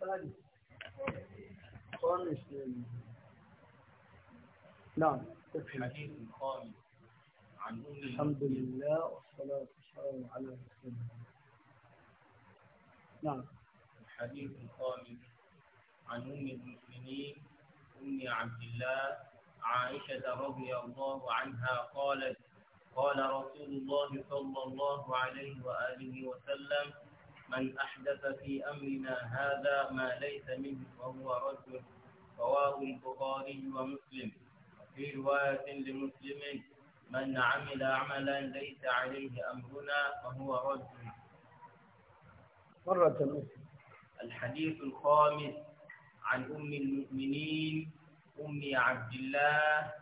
نعم عن أم الحمد لله والصلاة والسلام على رسول الله نعم الحديث الخامس عن أم المؤمنين أم عبد الله عائشة رضي الله عنها قالت قال رسول الله صلى الله عليه وآله وسلم من أحدث في أمرنا هذا ما ليس منه فهو رد رواه البخاري ومسلم وفي رواية لمسلم من عمل عملا ليس عليه أمرنا فهو رد مرة الحديث الخامس عن أم المؤمنين أم عبد الله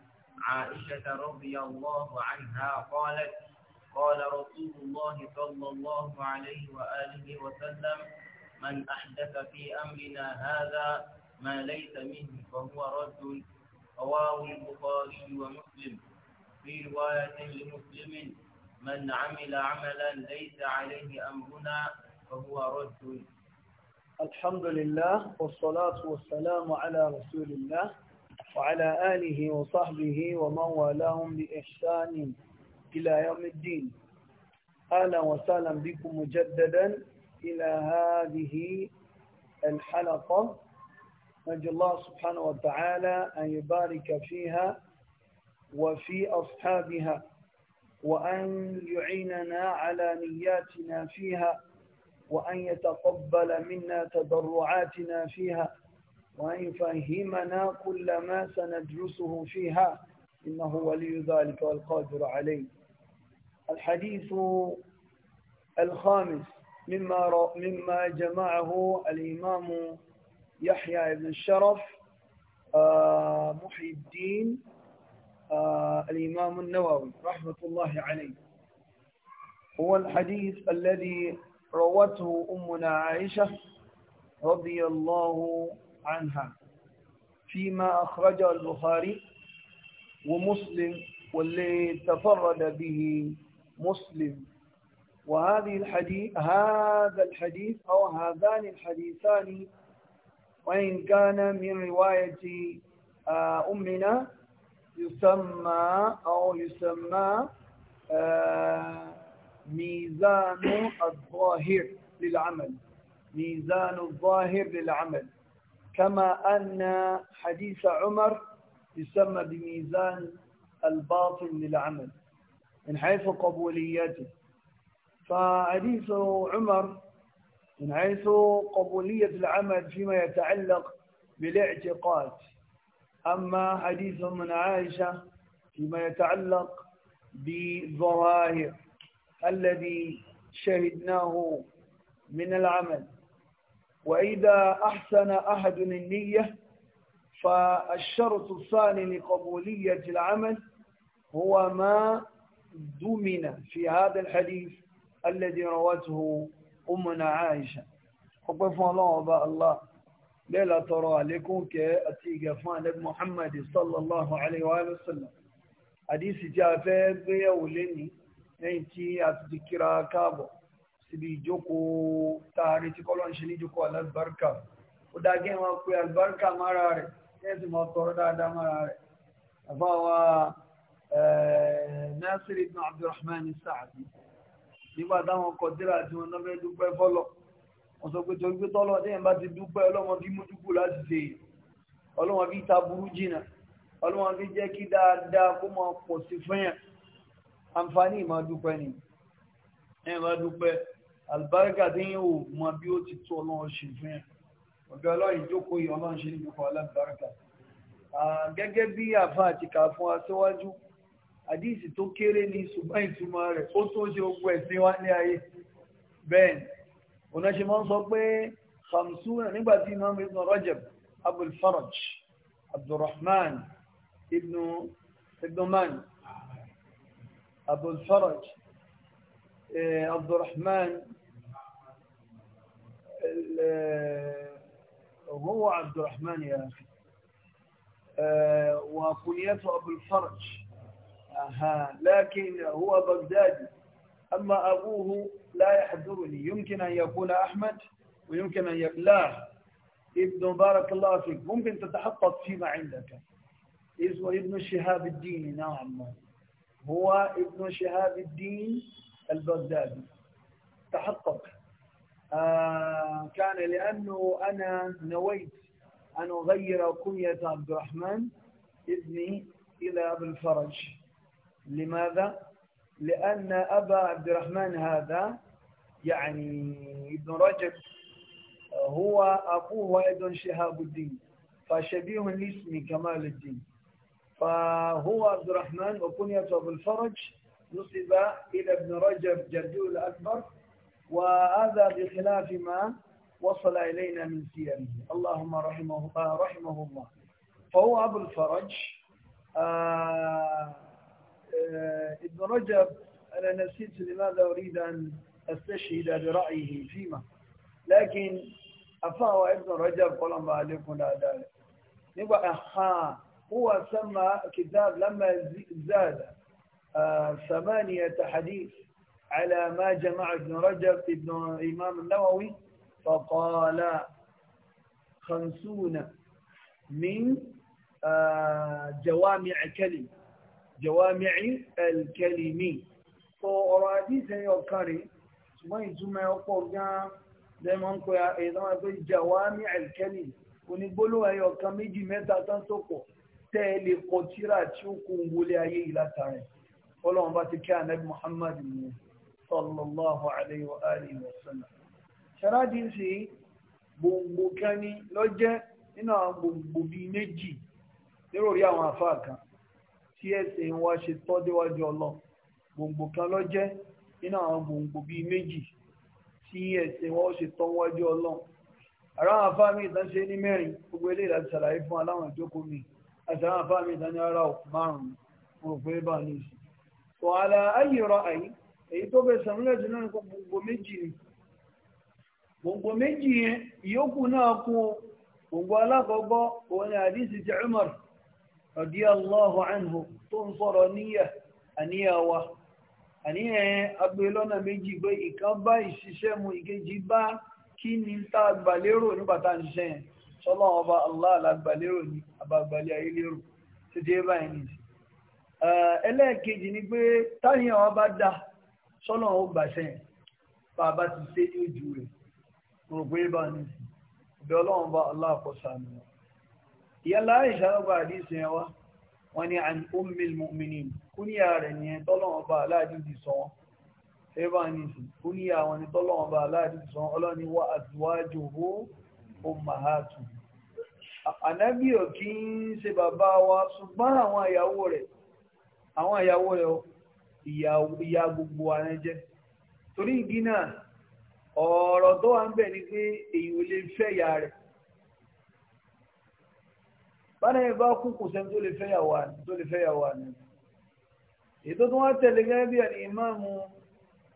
عائشة رضي الله عنها قالت قال رسول الله صلى الله عليه وآله وسلم من أحدث في أمرنا هذا ما ليس منه فهو رد رواه البخاري ومسلم في رواية لمسلم من عمل عملا ليس عليه أمرنا فهو رد الحمد لله والصلاة والسلام على رسول الله وعلى آله وصحبه ومن والاهم بإحسان إلى يوم الدين أهلا وسهلا بكم مجددا إلى هذه الحلقة نرجو الله سبحانه وتعالى أن يبارك فيها وفي أصحابها وأن يعيننا على نياتنا فيها وأن يتقبل منا تضرعاتنا فيها وأن يفهمنا كل ما سندرسه فيها إنه ولي ذلك والقادر عليه الحديث الخامس مما مما جمعه الإمام يحيى بن الشرف آه، محي الدين آه، الإمام النووي رحمة الله عليه هو الحديث الذي روته أمنا عائشة رضي الله عنها فيما أخرجه البخاري ومسلم واللي تفرد به مسلم وهذه الحديث هذا الحديث أو هذان الحديثان وإن كان من رواية آه، أمنا يسمى أو يسمى آه، ميزان الظاهر للعمل ميزان الظاهر للعمل كما أن حديث عمر يسمى بميزان الباطن للعمل من حيث قبوليته فحديث عمر من حيث قبولية العمل فيما يتعلق بالاعتقاد أما حديث من عائشة فيما يتعلق بالظواهر الذي شهدناه من العمل وإذا أحسن أحد النية فالشرط الثاني لقبولية العمل هو ما ضمن في هذا الحديث الذي روته أمنا عائشة وقف الله أبا الله ليلة ترى لكم كأتيك فان محمد صلى الله عليه وآله وسلم حديث جافة بيوليني نيتي أتذكرا كابو síbi ìjókòó tààrí tí kọ́lọ́n ṣe ní ìjókòó alálùbáríkà ó dágé wọn pé alùbáríkà mára rẹ̀ tẹ́sí mọ́ Eh, Nasir ibn Abdulrahman Sa'adi nígbà táwọn kọ tíra tí wọn náà fẹ́ dúpẹ́ fọ́lọ̀ wọn sọ pé torí pé tọ́lọ̀ tí yẹn bá ti dúpẹ́ ọlọ́wọ́n fi mójúkú láti ṣe ọlọ́wọ́n fi ta burú jìnà ọlọ́wọ́n fi jẹ́ kí dáadáa kó máa pọ̀ sí fún yẹn àǹfààní ìmọ̀ dúpẹ́ ni ẹ̀yìn bá dúpẹ́ àlùbáríkà tí yẹn ò mọ bí ó ti tó ọlọ́wọ́n ṣe fún yẹn ọ̀dọ̀ ọlọ́yìn jókòó yìí ọlọ́run ṣe ní àdíìsì tó kéré ní ṣùgbọ́n ìtumọ̀ rẹ̀ ó tó ṣe ogun ẹ̀sìn wá ní ayé bẹ́ẹ̀ ọ̀nà ṣe máa ń sọ pé khamsuna nígbà tí imam ibn rajab abul faraj abdulrahman ibn ibn abul faraj abdulrahman هو عبد الرحمن يا أخي وكنيته أبو الفرج أها لكن هو بغدادي أما أبوه لا يحضرني يمكن أن يكون أحمد ويمكن أن يكون لا ابن بارك الله فيك ممكن تتحقق فيما عندك اسمه ابن شهاب الدين نعم هو ابن شهاب الدين البغدادي تحقق آه كان لأنه أنا نويت أن أغير كنية عبد الرحمن ابني إلى أبو الفرج لماذا؟ لأن أبا عبد الرحمن هذا يعني ابن رجب هو أخوه أيضا شهاب الدين فشبيه لاسم كمال الدين فهو عبد الرحمن أبو بالفرج نصب إلى ابن رجب جده الأكبر وهذا بخلاف ما وصل إلينا من سيره اللهم رحمه, رحمه الله فهو أبو الفرج آه آه، ابن رجب أنا نسيت لماذا أريد أن أستشهد برأيه فيما لكن أفاه ابن رجب ما عليكم لا ذلك نبقى أخا هو سمى كتاب لما زاد آه، ثمانية حديث على ما جمع ابن رجب ابن الإمام النووي فقال خمسون من آه، جوامع كلمة jawami'i al-kalimi so ọ̀rọ̀ àdíṣẹ́ ọ̀kan rẹ̀ ṣùgbọ́n ìtumọ̀ ọ̀pọ̀ gan-an lẹ́mọ̀ ń pẹ́ ẹ̀dọ́mọ̀ pé jawami al-kalimi onígbólóhùn ẹyọ kan méjì mẹ́ta tán tó pọ̀ tẹ́ ẹ lè kọ tíra tí ó kún wọlé ayé yìí látàrí ọlọ́run bá ti kí anabi muhammad ni sallallahu alayhi wa alihi wa sallam ṣáájú sí gbòǹgbò kan ní lọ́jẹ́ nínú àwọn gbòǹgbò bíi méjì nírò rí àwọn àfáà kan tí ẹ̀sìn wọn ṣe tọ́ déwájú gbòǹgbò kan ló jẹ nínú àwọn gbòǹgbò bíi méjì tí ẹ̀sìn wọn ṣe tọ́ wájú ọlọ́run ara àwọn afáàmì ìtàn ṣe ní mẹ́rin gbogbo eléyìí láti ṣàlàyé fún aláwọn ìjókòó mi àti àwọn afáàmì ìtàn ní ara márùn-ún gbogbo méjì ni méjì yẹn ìyókù gbogbo òun ni àdìsí radiyallahu anhu tó ń sọ̀rọ̀ níyà àníyàn wa àníyàn agbe lọ́nà méjì pé ìkan bá ìṣiṣẹ́ mu ìkejì bá kí ni tá a gbà lérò nígbà tá a ń ṣiṣẹ́ yẹn sọ́lọ́ ọba Allah àgbà lérò ní àbàgbàlẹ̀ ayé lérò tí dé báyìí nìyí ẹlẹ́ẹ̀kejì ni pé táyìn àwọn bá dá sọ́nà ó gbàṣẹ́ yẹn bá a bá ti ṣe ní ojú rẹ̀ rò pé bá ní ọlọ́run bá aláàkọsà mi wọn ìyálà ìṣàlọ́gbà àdíṣẹ́ yẹn wá wọ́n ní an ummil mu'minin kúníyà rẹ̀ ní tọ́lọ́wọ́n bá aláàdìsí sọ wọn ẹbá ní sí kúníyà wọn ní tọ́lọ́wọ́n bá aláàdìsí sọ wọn ọlọ́ni wá azwajuhu ummahatu ànábì ò kí ń ṣe bàbá wa ṣùgbọ́n àwọn ìyàwó rẹ̀ àwọn ìyàwó rẹ̀ ìyá gbogbo ara jẹ́ torí ìdí náà ọ̀rọ̀ tó wà ń bẹ̀ ni pé èyí ò lè fẹ́ ìyá rẹ̀ bára yẹn bá kú kò sẹ́ni tó lè fẹ́ yàwó àná tó lè fẹ́ yàwó àná ètò tó wá tẹ̀lé gẹ́gẹ́ bí àní ìmáàmù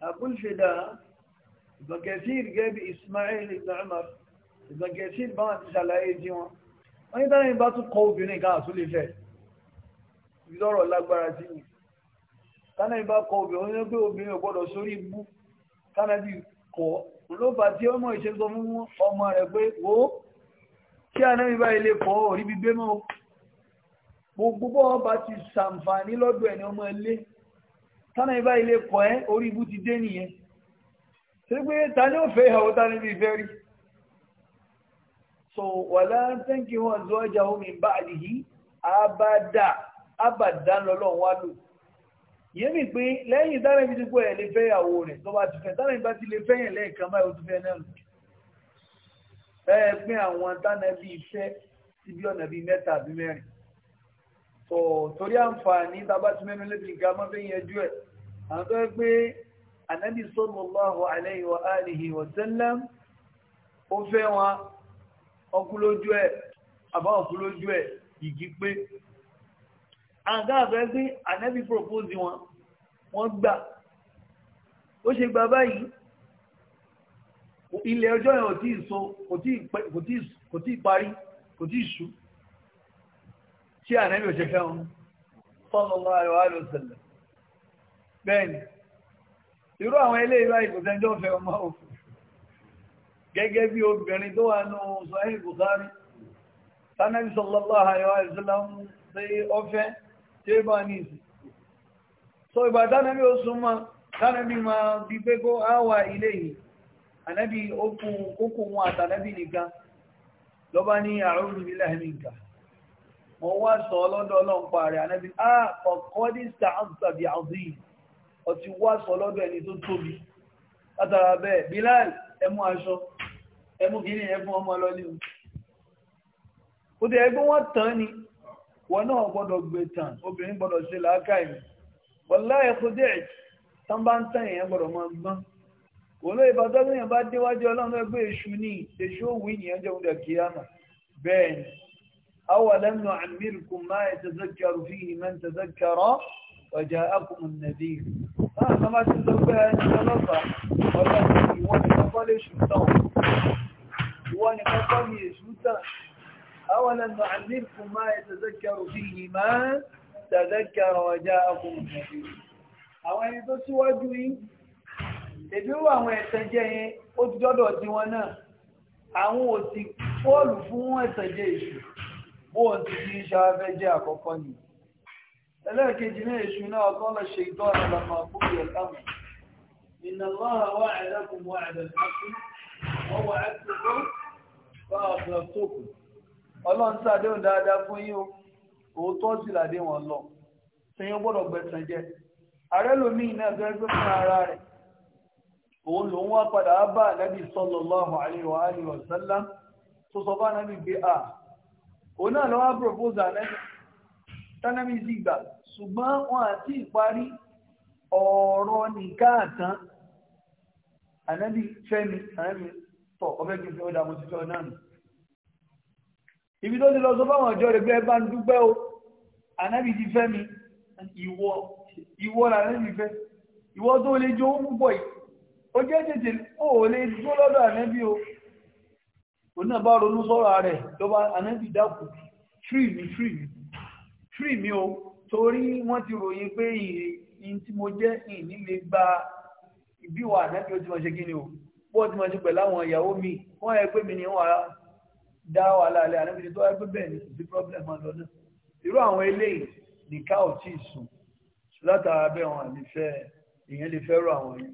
abúlfẹ̀dá ibn Kathir gẹ́gẹ́ bí Ismail ibn Umar ibn Kathir báwọn ti ṣàlàyé jí wọn wọ́n ní táwọn ìbá tún kọ obìnrin kan àtún lè fẹ́ ìdọ́rọ̀ lágbára sí ni táwọn ìbá kọ obìnrin oní pé obìnrin ò gbọ́dọ̀ sórí ibú táwọn ìbí kọ́ ló kí anábì bá ilé fọ́ orí gbígbé mọ́ gbogbo bọ́ ọba ti sàǹfààní lọ́dọ̀ ẹni ọmọ ilé tánà ìbá ilé kọ̀ ẹ́ orí ibú ti dé nìyẹn tí pé ta ní ó fẹ́ ìhàwó tánà fẹ́ rí so wà láńtẹ́ǹkì wọn zọ ọjà omi bá àdìyí abada abada lọ́lọ́run wá lò yémi pé lẹ́yìn tánà ibi ti pọ̀ ẹ̀ lè fẹ́ ìyàwó rẹ̀ tó bá ti fẹ́ tánà ti lè fẹ́yìn lẹ́ẹ̀kan báyìí ó ti fẹ́ náà lò ẹ gbé àwọn dánẹ́bí iṣẹ́ síbi ọ̀nà bíi mẹ́ta àbí mẹ́rin tó torí àǹfààní tábàtí mẹ́rin lébi nǹkan amáfẹ́ yẹjú ẹ̀ àwọn tó gbé ànábì sallallahu alayhi wa alihi wa sallam ó fẹ́ wọn ọkú lójú ẹ̀ àbá ọkú lójú ẹ̀ yìí pé àǹkà àfẹ́ gbé ànábì propose wọn wọ́n gbà ó ṣe gbà báyìí ilẹ̀ ọjọ́ yẹn ò tí ì so kò tí ì parí kò tí ì ṣú tí ànábì ò ṣe fẹ́ wọn sallallahu alaihi wasallam bẹ́ẹ̀ni irú àwọn ilé ìlú àìkòsẹ́jọ́ fẹ́ ọmọ òfin gẹ́gẹ́ bí obìnrin tó wà ní Sahih Bukhari tánàbí sallallahu alaihi so ànábì okùn nwata àtànábì nika lọ́bá ni a'udhu billahi minka mọ́ wá sọ lọ́dọ̀ ọlọ́pàá rẹ̀ ànábì àkọ́kọ́ ní sàánsà bí azim ẹni tó tóbi látara bẹ́ẹ̀ Bilal ẹmú aṣọ ẹmú gini emu ọmọ lọ́lẹ́ ó dẹ̀ ẹgbẹ́ wọ́n ni wọ́n náà gbọ́dọ̀ na tán wọ́n lóye bá tọ́lú yẹn bá déwájú ọlọ́run ẹgbẹ́ èṣù ní èṣù òwú ìyẹn jẹun dẹ̀ kíyàmà bẹ́ẹ̀ ni awà lẹ́nu àmìrìkù máa ẹ̀ tẹ̀sẹ̀kẹ̀rù fi ìmọ̀ tẹ̀sẹ̀kẹ̀rọ̀ ọjà akùnmù nàbí báwọn kan bá ti lọ pé ẹni ọlọ́pàá ọlọ́run ìwọ ni kọ́kọ́ lè lẹ́nu àmìrìkù máa ẹ̀ tẹ̀sẹ̀kẹ̀rù fi ìmọ̀ tẹ̀sẹ̀kẹ̀rọ̀ ọjà akùnmù nàbí àwọn ẹni tó síwájú yìí ìbírú àwọn ẹ̀sẹ̀ jẹ́ yẹn ó ti dọ́dọ̀ sí wọn náà àwọn ò ti fọ́ọ̀lù fún ẹ̀sẹ̀ jẹ́ èṣù bóun ti fi ń ṣàfẹ́ jẹ́ àkọ́kọ́ ni ẹlẹ́ẹ̀kejì ní èṣù náà ọkọ́ lọ ṣe ìtọ́ àlàmà àkókò ẹ̀kámù Inna Allaha wa'adakum wa'dal haqqi wa wa'adtukum fa akhlaftukum ọlọ́run sàdéhùn dáadáa fún yín o òótọ́ sì làdé lọ ara òun lòun wá padà bá ànábì sallallahu alaihi wa alihi wa sallam tó sọ bá ànábì pé à òun náà lọ́wọ́ propose ànábì tánábì sì gbà ṣùgbọ́n wọn àti ìparí ọ̀rọ̀ nìkáàtán ànábì fẹ́mi ànábì tọ̀ ọ̀fẹ́ kí n fẹ́ ó dààmú sí fẹ́ náà nù ibi tó ti lọ sọ fáwọn ọjọ́ rẹ̀ pé ẹ bá ń dúpẹ́ o ànábì ti fẹ́ ìwọ ìwọ ìwọ tó lè jọ púpọ̀ yìí ó jẹ́ tètè ó lè dúró lọ́dọ̀ ànẹ́bí o òun náà bá ronú sọ́rọ̀ rẹ̀ lọ́ba ànẹ́bí dákù tree mi tree mi tree mi o torí wọ́n ti ròyìn pé ìyìn tí mo jẹ́ ìní lè gba ìbíwọ̀ ànẹ́bí ó ti mọ̀ ṣe kí ni o bọ́ọ̀ ti mọ̀ ṣe pẹ̀lú àwọn ìyàwó mi wọ́n yẹ pé mi ni wọ́n dá wàhálà alẹ́ ànẹ́bí tó wáyé pé bẹ́ẹ̀ ni kò sí problem ọ̀dọ́ náà irú àwọn eléyìí nìka ò tí ì sùn látara bẹ́ẹ̀ wọn ìyẹn lè fẹ́ràn àwọn yẹn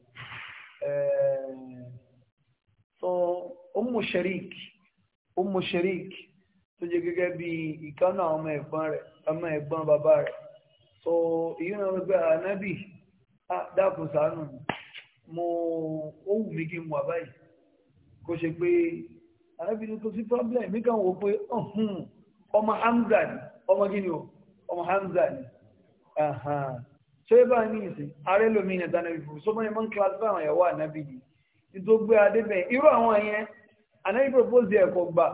Eh, so ọmọ sherik ọmọ sherik tó jẹ́ gẹ́gẹ́ bí ìkánná ọmọ ẹ̀gbọ́n rẹ̀ ọmọ bàbá so èyí náà wípé ànábì dákun mo ó wù mí kí n wà báyìí kó ṣe pé ànábì ní kò sí problem mi kàn wò pé ọmọ hamza ni ọmọ o ọmọ hamza ni. ṣe bá ní ìsìn ààrẹ lómi ní ẹ̀dánà ìfò so mọ́ ni mọ́ ń classify àwọn ìyàwó ànábì yìí nítorí gbé adébẹ̀ irú àwọn yẹn ànábì propose ẹ̀kọ́ gbà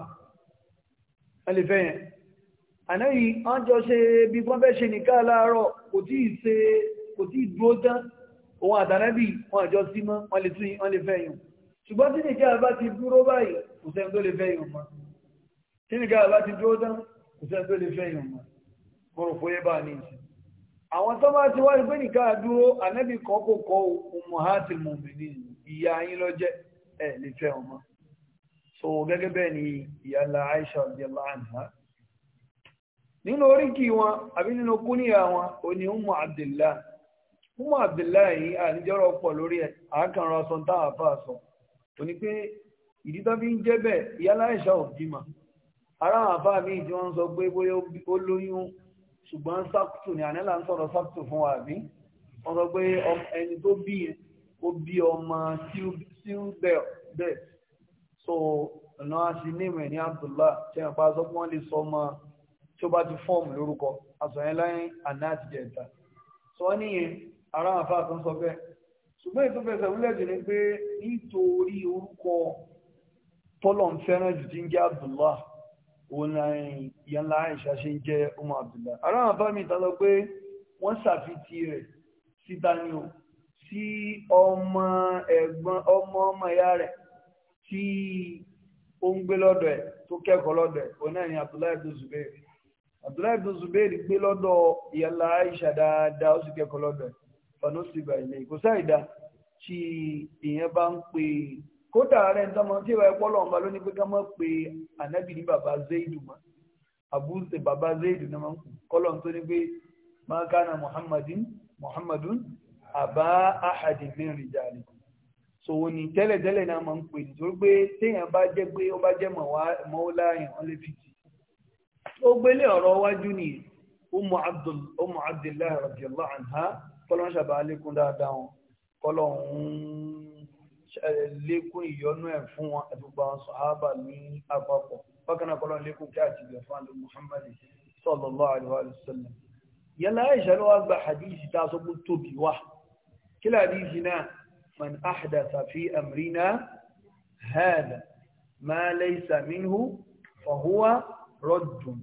ẹlẹ́fẹ́ yẹn ànábì wọ́n jọ ṣe bí wọ́n fẹ́ ṣe nìka láàárọ̀ kò tí ì ṣe kò tí ì dúró tán òun àtànábì wọn àjọ sí mọ́ wọn lè tún wọn lè fẹ́ yùn ṣùgbọ́n tí nìka bá ti dúró báyìí kò sẹ́ni tó lè fẹ́ yùn mọ́ kò rò fóyé bá ní ìsìn àwọn tó bá ti wá ìgbé nìkan àdúró ànábì kan kò kọ umuhati mumini ìyá yín ló jẹ́ ẹ lè fẹ́ ọmọ so gẹ́gẹ́ bẹ́ẹ̀ ni ìyá ńlá Aisha radiyallahu anha nínú oríkì wọn àbí nínú kúníyà wọn ò ní umu Abdullah umu Abdullah yìí àníjọrọ pọ̀ lórí ẹ àákànrọ sọ tá a fà sọ ò ní pé ìdí tó fi ń jẹ́ bẹ́ẹ̀ ìyá Aisha ò bímọ ara mi tí wọn sọ pé bóyá ó lóyún ṣùgbọ́n sáktù ni ànílà ń sọ̀rọ̀ sáktù fún wa bí wọ́n sọ pé ẹni tó bí ó bí ọmọ sílbẹ̀ so ọ̀nà àti níìmù ní Abdullah tí wọ́n pa sọ pé wọ́n lè sọ ọmọ tí ó bá ti fọ́ọ̀mù lórúkọ àsọ̀yẹn láyìn àná àtijọ́ ẹ̀ta sọ ọ́ nìyẹn ara àfa kan sọ bẹ́ẹ̀ ṣùgbọ́n ètò fẹsẹ̀ múlẹ̀ jù ni pé nítorí orúkọ tọ́lọ̀ ń fẹ́ràn jù ti ń jẹ́ Abdullah òun láàrin ìyá ńlá àìṣà ṣe ń jẹ́ ọmọ àbdùlá ara àwọn bá mi tọ́lọ pé wọ́n ṣàfitì rẹ̀ sí dání o sí ọmọ ẹ̀gbọ́n ọmọ ọmọ ìyá rẹ̀ tí ó ń gbé lọ́dọ̀ ẹ̀ tó kẹ́kọ̀ọ́ lọ́dọ̀ ẹ̀ òun náà ni Abdullahi ibn Zubair Abdullahi ibn Zubair gbé lọ́dọ̀ ìyá ńlá àìṣà ó sì kẹ́kọ̀ọ́ lọ́dọ̀ ẹ̀ fanosi bàìlẹ̀ kò sáì dá tí ìyẹn bá ń pè é kódà rẹ̀ ń tọ́mọ tí ìwà ẹ̀pọ́ lọ́wọ́ bá lónìí pé ká mọ̀ pé ànábì ní bàbá zaidu mọ́ àbúṣe bàbá zaidu náà máa ń kú kọ́lọ̀ tó ní pé máa kánà muhammadin muhammadun àbá ahadin min rijalikum sòwò ní tẹ́lẹ̀tẹ́lẹ̀ náà máa ń pè ní torí pé téèyàn bá jẹ́ pé ó bá jẹ́ mọ́ọ́láyàn wọn lè fi tì ó gbélé ọ̀rọ̀ wájú nìyẹn umu abdullahi radiyallahu anha kọ́lọ́ ń ṣàbà lékún ìyọnú ẹ̀ fún wọn àti gbogbo àwọn sọ̀hábà ní àpapọ̀ bákan náà kọ́lọ́n lékún kí àti ìgbẹ̀ fún àlè Muhammad sallallahu alaihi wa sallam yálà Aisha ló wá gba hadisi tá a sọ pé tóbi wá kí hadisi náà man ahdatha fi amrina hada ma laysa minhu fa huwa raddun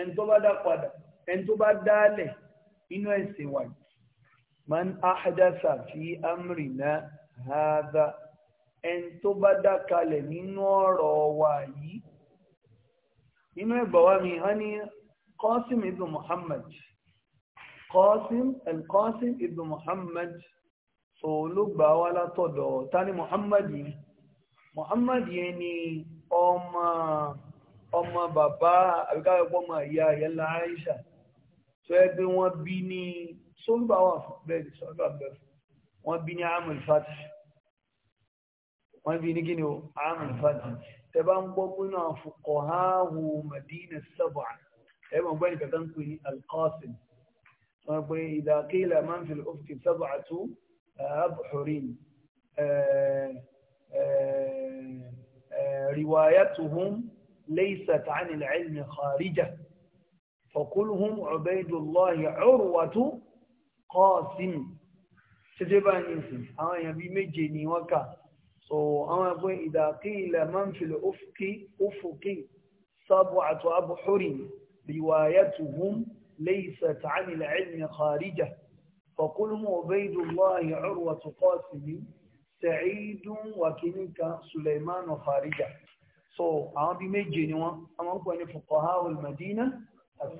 ẹni tó bá dá padà ẹni tó bá dálẹ̀ inú ẹ̀sìn wáyé man ahdatha fi amrina hàdà ẹni tó bá dákalẹ̀ nínú ọ̀rọ̀ wa yìí inú ẹgbà wa mi hàn ní qasim ibn muhammad qasim al-qasim ibn muhammad olùgbà wa látọ̀dọ̀ tani muhammad yìí muhammad yẹn ni ọmọ ọmọ bàbá àbíkáyọ̀pọ̀ ọmọ ìyá ìyẹ́lá aisha tó ẹgbẹ́ wọn bí ní sólùbà wà bẹ́ẹ̀ sọ́lùbà bẹ́ẹ̀ وبنعم الفتح وبنجن عام الفتح تبان بقنا فقهاه مدينة السبعة تبان بقنا تنقل القاسم إذا قيل من في الأفق سبعة أبحرين روايتهم ليست عن العلم خارجة فكلهم عبيد الله عروة قاسم ṣíṣe bá ní ìsìn àwọn èèyàn bíi méje ni wọ́n kà so àwọn ẹgbẹ́ ìdàkí ilẹ̀ máa ń filẹ̀ ófòkè sábò àtọ̀ abúhórì riwayatuhum laysat 'an al-'ilmi kharija فقلهم عبيد الله عروة قاسم سعيد وكنك سليمان خارجة so àwọn bíi méje ni wọ́n àwọn ń pè ní fuqaha al-Madina as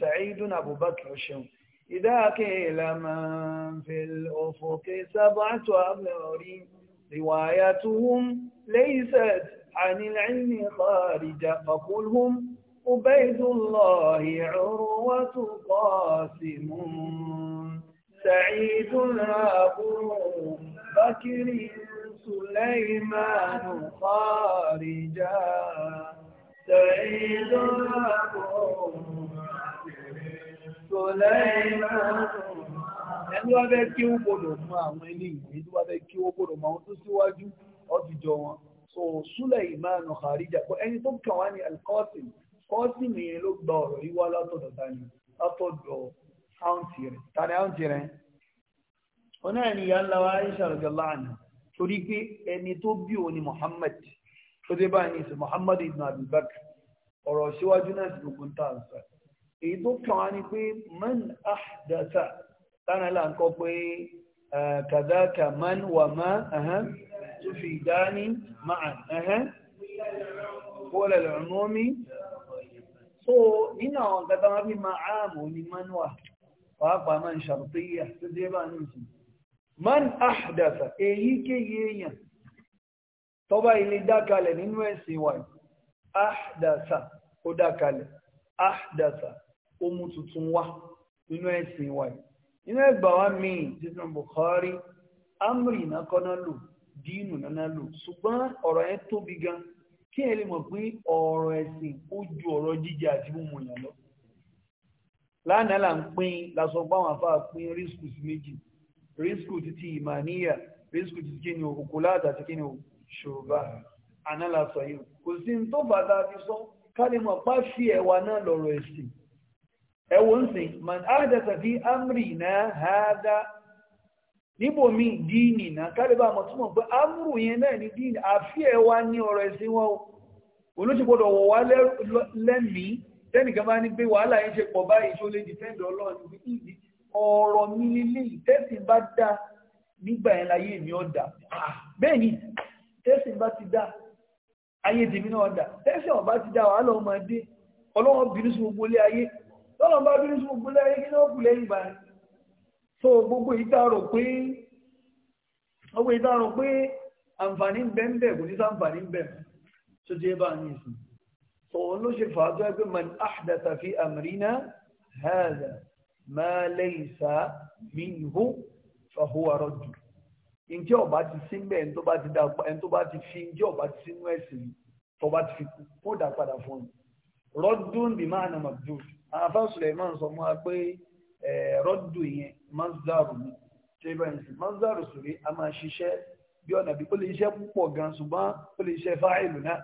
سعيد أبو بكر الشم إذا قيل من في الأفق سبعة أبرار روايتهم ليست عن العلم خارج فقلهم هم الله عروة قاسم سعيد أبو بكر سليمان خارجا سعيد لكم سليمان ẹni wá fẹ́ kí ó gbọ́dọ̀ mọ àwọn ilé ìwé tó wá fẹ́ kí ó gbọ́dọ̀ mọ àwọn tó síwájú ọ́fìjọ wọn so Sulaimanu Kharija kọ ẹni tó kàn wá ní Al-Qasim Qasim yẹn ló gba ọ̀rọ̀ yìí wá látọ̀dọ̀ dání látọ̀dọ̀ áùntì rẹ̀ tani áùntì rẹ̀ ọ̀nà ẹni ìyá ńlá wa Aisha rẹ̀ jọ láàánú torí pé ẹni tó bí òun ni Muhammad tó dé báyìí ní ìsìn Muhammad ibn Abi Bakr ọ̀rọ̀ síwájú náà sì gbogbo ń tà ń sọ èyí tó kàn wá ni pé man ahdatha tánà là ń kọ́ pé kàdákà man wà má tó fi dání máa kólẹ̀ lọ́nọ́mí so nínú àwọn kàtà wọn fi máa ààmù ní man wà pàápàá man shartiyya tó dé báyìí ní ìsìn man ahdatha èyíkéyìí èèyàn tọ́ba ilé dákalẹ̀ nínú ẹ̀sìn wa áhdàsà ó dákalẹ̀ áhdàsà ó mú tuntun wá nínú ẹ̀sìn wa nínú ẹgbà wa míì títí Bukhari amri nákọ́ná lò dínú náná lò ṣùgbọ́n ọ̀rọ̀ yẹn tóbi gan kí ẹ lè mọ̀ pé ọ̀rọ̀ ẹ̀sìn ó ju ọ̀rọ̀ jíjẹ àti mímu yàn lọ lánàá là ń pín lásán bá wọn afá pín rísíkù sí méjì rísíkù títí ìmàníyà rísíkù títí kí ni òkú láàtà títí kí ni òkú ṣùgbà análàsọ yìí kò sí tó bàtà ti sọ kálímọ̀ fi ẹ̀wà náà lọ́rọ̀ ẹ̀sìn ẹ̀wọ̀n sìn man áàdẹ̀sà fi amri náà hádá níbòmí díìnì náà kálíbà mọ̀ túnmọ̀ pé amúrù yẹn náà ní díìnì àfi ẹ̀wà ní ọ̀rọ̀ ẹ̀sìn wọn wọ̀ wá tẹ́nìkan bá ní pé wàhálà yẹn ṣe pọ̀ báyìí tó lè dìfẹ́ǹdì ọlọ́run ọ̀rọ̀ tẹ́sì bá ti dá ayé tèmi náà dá tẹ́sì ọ̀bá ti dá wàhálà ọmọ ẹdín ọlọ́wọ́n bínú sí gbogbo ilé ayé tọ́lọ́ bá bínú sí gbogbo ilé ayé kí náà kù lẹ́yìn ìgbà rẹ̀ so gbogbo ìta rò pé gbogbo ìta rò pé àǹfààní ń bẹ ń bẹ kò ní sáǹfààní ń bẹ tó ti bá ní ìsìn so òun ló ṣe fàájọ ẹgbẹ́ man ahdatha fi amrina hadha ma laysa minhu fahuwa rajul ǹjẹ́ ọba ti sí mbẹ́ ẹni tó bá ti dàgbà ẹni tó bá ti fi ǹjẹ́ ọba ti sínú ẹ̀sìn tó bá ti fi kú kó dà padà fún mi. rọ́dún bí máa nà màdùn àfa Suleiman sọ mọ́ a pé rọ́dún yẹn mazdaru ni tẹ́lẹ̀ǹsì mazdaru sùrí a máa ṣiṣẹ́ bí ọ̀nà bí ó lè ṣiṣẹ́ púpọ̀ gan ṣùgbọ́n ó lè ṣiṣẹ́ fáìlù náà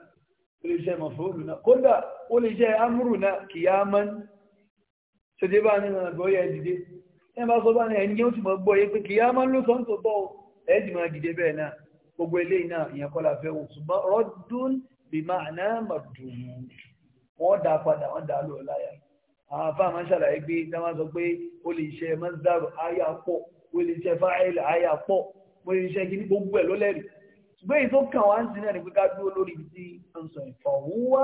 ó lè ṣiṣẹ́ mọ̀fóòlù náà kódà ó lè ṣiṣẹ́ amúrù náà kìyàmán ṣèjẹ́ bá ní ọ̀nà gbọ́ dìde ẹ̀ ẹ̀ẹ́dì máa dìde bẹ́ẹ̀ náà gbogbo eléyìí náà ìyẹn kọ́ la fẹ́ wò ṣùgbọ́n rọ́dún bí máa náà mà dùn wọ́n dá padà wọ́n dá lò láyà àwọn afá máa ń ṣàlàyé pé dáwà sọ pé ó lè ṣe mọ́sídàrú àyà pọ̀ ó lè ṣe fáìlì àyà pọ̀ ó lè ṣe kíní gbogbo ẹ̀ ló ṣùgbọ́n èyí tó kàn wá ń sin náà ni pé ká dúró lórí ibi tí ń sọ ìfọ̀húnwá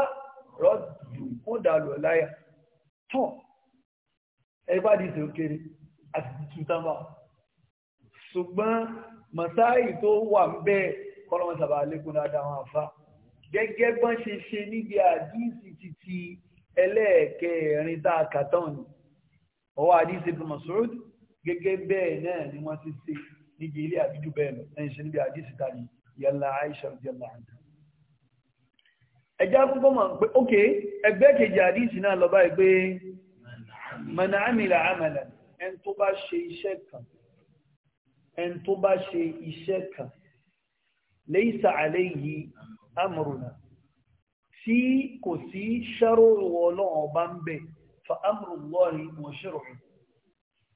rọ́dùn ó dá lò láyà tọ́ ẹ ṣùgbọ́n mọ̀sáì tó wà ń bẹ́ẹ̀ kọ́lọ́mọ́ sábà lékún dáadáa wọn àfa gẹ́gẹ́ bọ́n ṣe ṣe níbi àdíìsì títí ẹlẹ́ẹ̀kẹrin tá a kà tán ni ọwọ́ àdíìsì Ibn Mas'ud gẹ́gẹ́ bẹ́ẹ̀ náà ni wọ́n ti ṣe níbi ilé àbíjú bẹ́ẹ̀ lọ ẹ̀yìn ṣe níbi àdíìsì ta ni yàlla Aisha tó bá ṣe iṣẹ́ kan ẹn tó bá ṣe iṣẹ́ kan laysa alayhi amruna tí kò sí ṣẹ́rù ọlọ́run ọba ń bẹ̀ fa amru Allahi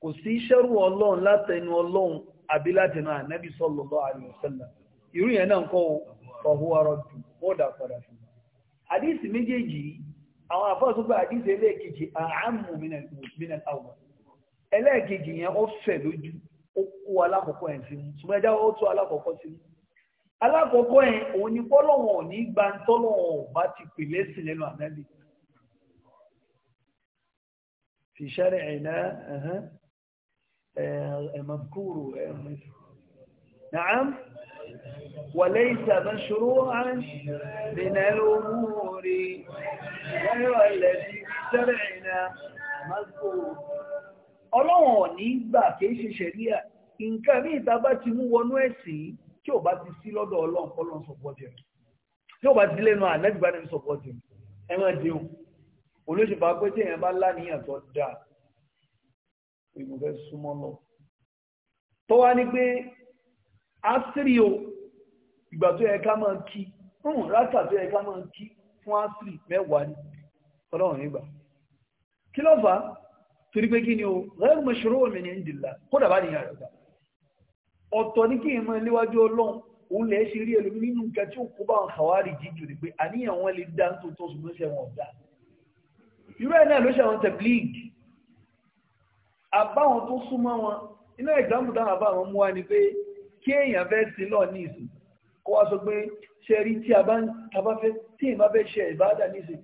kò sí ṣẹ́rù ọlọ́run látẹnu ọlọ́run àbí látẹnu ànábì sallallahu alaihi wasallam yẹn náà kọ́ ó dà padà fún àdísì méjèèjì àwọn àdísì ẹlẹ́ẹ̀kejì àwọn ẹlẹ́ẹ̀kejì yẹn ó fẹ̀ ó kó alákọ̀ọ́kọ́ yẹn sínú ṣùgbọ́n ẹja ó tó alákọ̀ọ́kọ́ sínú alákọ̀ọ́kọ́ yẹn òun ni fọ́lọ́wọ̀n ò ní gba bá ti pè lẹ́sìn lẹ́nu ànábì fi ṣẹ́rẹ̀ ẹ̀ná ẹ̀mọ̀kúrò نعم وليس مشروعا من الأمور غير الذي شرعنا مذكور ọlọ́wọ̀n ò ní gbà kìí ṣe ṣẹ̀ríà nǹkan ní ìta bá ti mú wọnú ẹ̀sìn tí ò bá ti sí lọ́dọ̀ ọlọ́run ọlọ́run sọ̀pọ̀tì rẹ̀ tí ò bá ti lẹ́nu àlẹ́bí bá ní sọ̀pọ̀tì ẹ̀ máa di òun olóṣèlú àpé tí èèyàn bá láníyàn tó dáa ìmọ̀ fẹ́ súnmọ́ lọ tó wá ní pé asiri o ìgbà tó yẹ ká máa kí rákà tó yẹ ká máa kí fún asiri mẹ́wàá ni ọlọ́run nígbà kí ló fà á torí pé kí ni o rẹ́rù mọ̀ṣúrò wọ̀mí ní ìdìlá kódà bá nìyà rẹ̀ gbà ọ̀tọ̀ ní kí n mọ níwájú ọlọ́run òun lè ṣe rí ẹlòmí nínú nǹkan tí ó kó bá àwárí jíjù ni pé àníyàn wọn lè dá tó tó ṣùgbọ́n ṣe wọn ọ̀dà irú ẹ̀ náà ló ṣe àwọn tablig àbáwọn tó súnmọ́ wọn iná ẹ̀gbáǹbù táwọn àbáwọn mú wa ni pé kí èèyàn fẹ́ sí lọ ní ìsìn kó wá sọ pé ṣe rí tí a bá fẹ́ tí èèyàn bá fẹ́ ṣe ìbáàdà ní ìsìn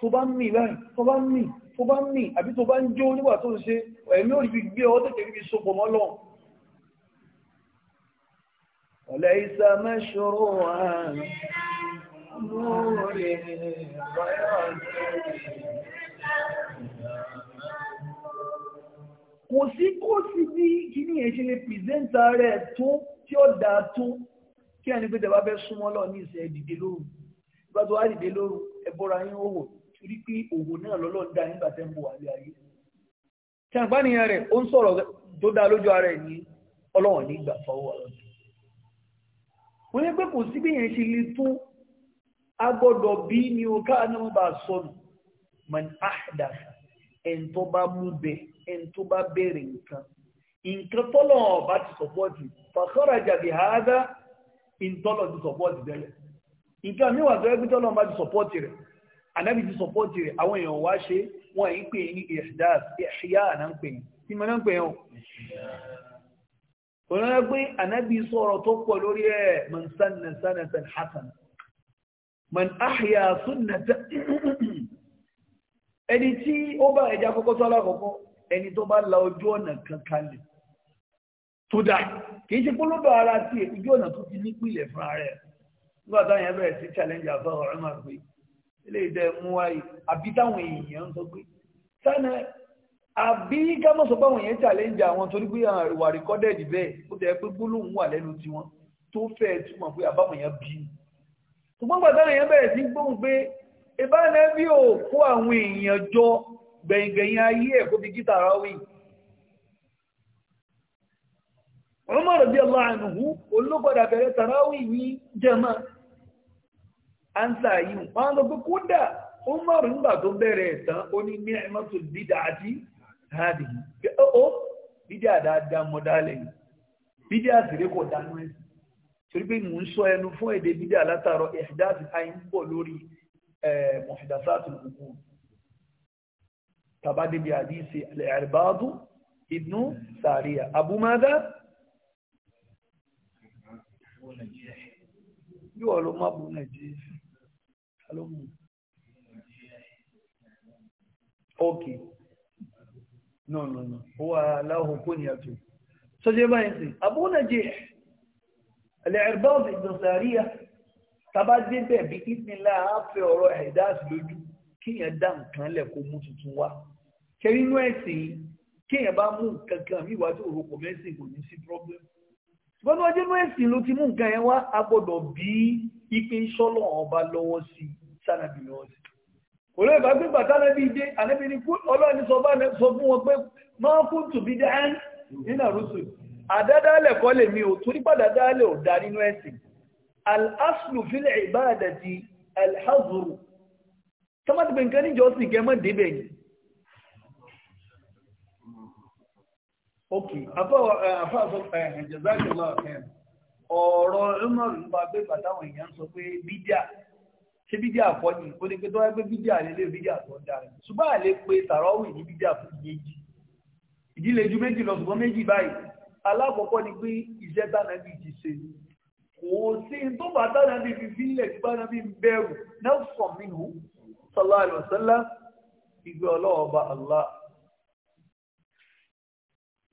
tó bá mì báyìí tó bá mì tó bá ń mì àbí tó bá ń jó nígbà tó ń ṣe ẹ̀mí ò rí gbé ọ tètè rí sopọ̀ mọ́ lọ. ọ̀lẹ́ isa mẹ́ṣọ́rọ̀ ààrùn lórí kò sí kó sí bí kíní ẹ̀ lè pìrìsẹ́ńtà rẹ̀ tó tí ó dáa tó kí ẹni pé tẹ̀wá fẹ́ súnmọ́ lọ ní ìṣẹ́ ìdìde lóru ìgbà tó wá dìde lóru ẹ̀bọ́ra yín ó wò torí pé òwò náà lọ́lọ́ dá nígbà tẹ́ ń bọ̀ wálé ayé ṣàǹgbániyàn rẹ̀ ó ń sọ̀rọ̀ tó dá lójú ara ẹ̀ ní ọlọ́wọ̀n nígbà fọwọ́ ọlọ́dún wọ́n yẹ pé kò sí bí yẹn ṣe lè tó agbọ́dọ̀ bí ni o ká náà bá sọnù man ahdatha ẹn tó bá mú bẹ ẹn tó bá bẹ̀rẹ̀ nǹkan nǹkan tọ́lọ̀ bá ti sọ̀pọ̀tì fakharaja bihadha ìntọ́lọ̀ ti sọ̀pọ̀tì bẹ́lẹ̀ nǹkan mi wà tó ẹgbẹ́ tọ́lọ̀ bá ti sọ̀pọ̀tì rẹ̀ anábì ti sọpọ́tì rẹ̀ àwọn èèyàn wá ṣe wọ́n yìí pè ní ihdas ihya àná ń pè ní mọ́ náà ń pè yàn òun pé anábì sọ̀rọ̀ tó pọ̀ lórí ẹ̀ man sanna sanatan hasan man ahya sunnata ẹni tí ó bá ẹja kọ́kọ́ tó alákọ̀ọ́kọ́ ẹni tó bá la ojú ọ̀nà kan kalẹ̀ tó dáa kì í ṣe polówó ara tiẹ̀ ojú ọ̀nà tó ti nípìnlẹ̀ fún ara rẹ̀ nígbà táwọn yẹn bẹ̀rẹ̀ sí challenge àbá ọ̀rẹ́ máa gbé ilé ìdẹ mú wa yìí àbí táwọn èèyàn ń sọ pé sánà àbí gámọ̀ sọ pé àwọn èèyàn challenge àwọn torí pé àwà recorded bẹ́ẹ̀ ó tẹ̀ pé gbólóhùn wà lẹ́nu tiwọn tó fẹ́ túmọ̀ pé àbáwọn èèyàn bí i ṣùgbọ́n gbàtà èèyàn bẹ̀rẹ̀ sí gbóhùn pé ìbáná bí ò kó àwọn èèyàn jọ gbẹ̀yìngbẹ̀yìn ayé ẹ̀ kó fi gítà ara wí Umar radiyallahu anhu olóògbọ́dà bẹ̀rẹ̀ tàráwì ní jẹ́mọ́ ánsà yìí wọ́n lọ pé kódà Umar nígbà tó bẹ̀rẹ̀ ẹ̀tàn ó ní ní ẹ̀mọ́tò dídà àti hàdì pé ó ó dídà dáadáa mọ́ dálẹ̀ yìí dídà àtìrí kò dánú ẹ̀ torí pé mò ń sọ ẹnu fún èdè dídà látàrọ̀ ẹ̀dá àti àyín pọ̀ lórí mọ̀fìdàsáàtì gbogbo tàbádébí àdíṣe al-Irbad ibn Sariya Abu Mada yóò lọ má bu nàìjíríà alóhùn ókè náà náà náà ó wà aláhùn kó ní àtò sọ́jẹ́ báyìí sí Abu Najih al-Irbad ibn Sariyah tàbá débẹ̀ bí ìpínlẹ̀ àáfẹ́ ọ̀rọ̀ ẹ̀dáàsì lójú kíyàn dá nǹkan lẹ̀ kó mú tuntun wá kẹrin inú ẹ̀sìn kíyàn bá mú nǹkan kan bí ìwádìí òrokò mẹ́sìn kò ní sí problem ṣùgbọ́n ní wọ́n jẹ́ inú ló ti mú nǹkan yẹn wá a gbọ́dọ̀ bí ìpín sọ́lọ̀ ọba lọ́wọ́ sí i sànàbì ni wọ́n ti òun ìbá gbé bàtà nàbì dé ànábì ni ọlọ́ọ̀ni sọ fún wọn pé máa kú tùbí dáhán nínú àrùsù àdádálẹ̀ kọ́ lè mi ò torí al-aslu fil ibadati alhazuru. hazru pé nǹkan nke sì kẹ́ mọ́ ṣé bídíà àkọ́ ni ó ní pé tó wáyé pé bídíà àlélẹ́ bídíà àtọ́ ń darí ṣùgbọ́n àlè pé tàrọ́wì ní bídíà àfún méjì ìdílé ju méjì lọ ṣùgbọ́n méjì báyìí alákọ̀ọ́kọ́ ni pé iṣẹ́ tánàbí ti ṣe kò sí tó bá tánàbí fi fílẹ̀ tí tánàbí ń bẹ̀rù nelson minhu sallallahu alaihi wasallam ìgbé ọlọ́ọ̀ba allah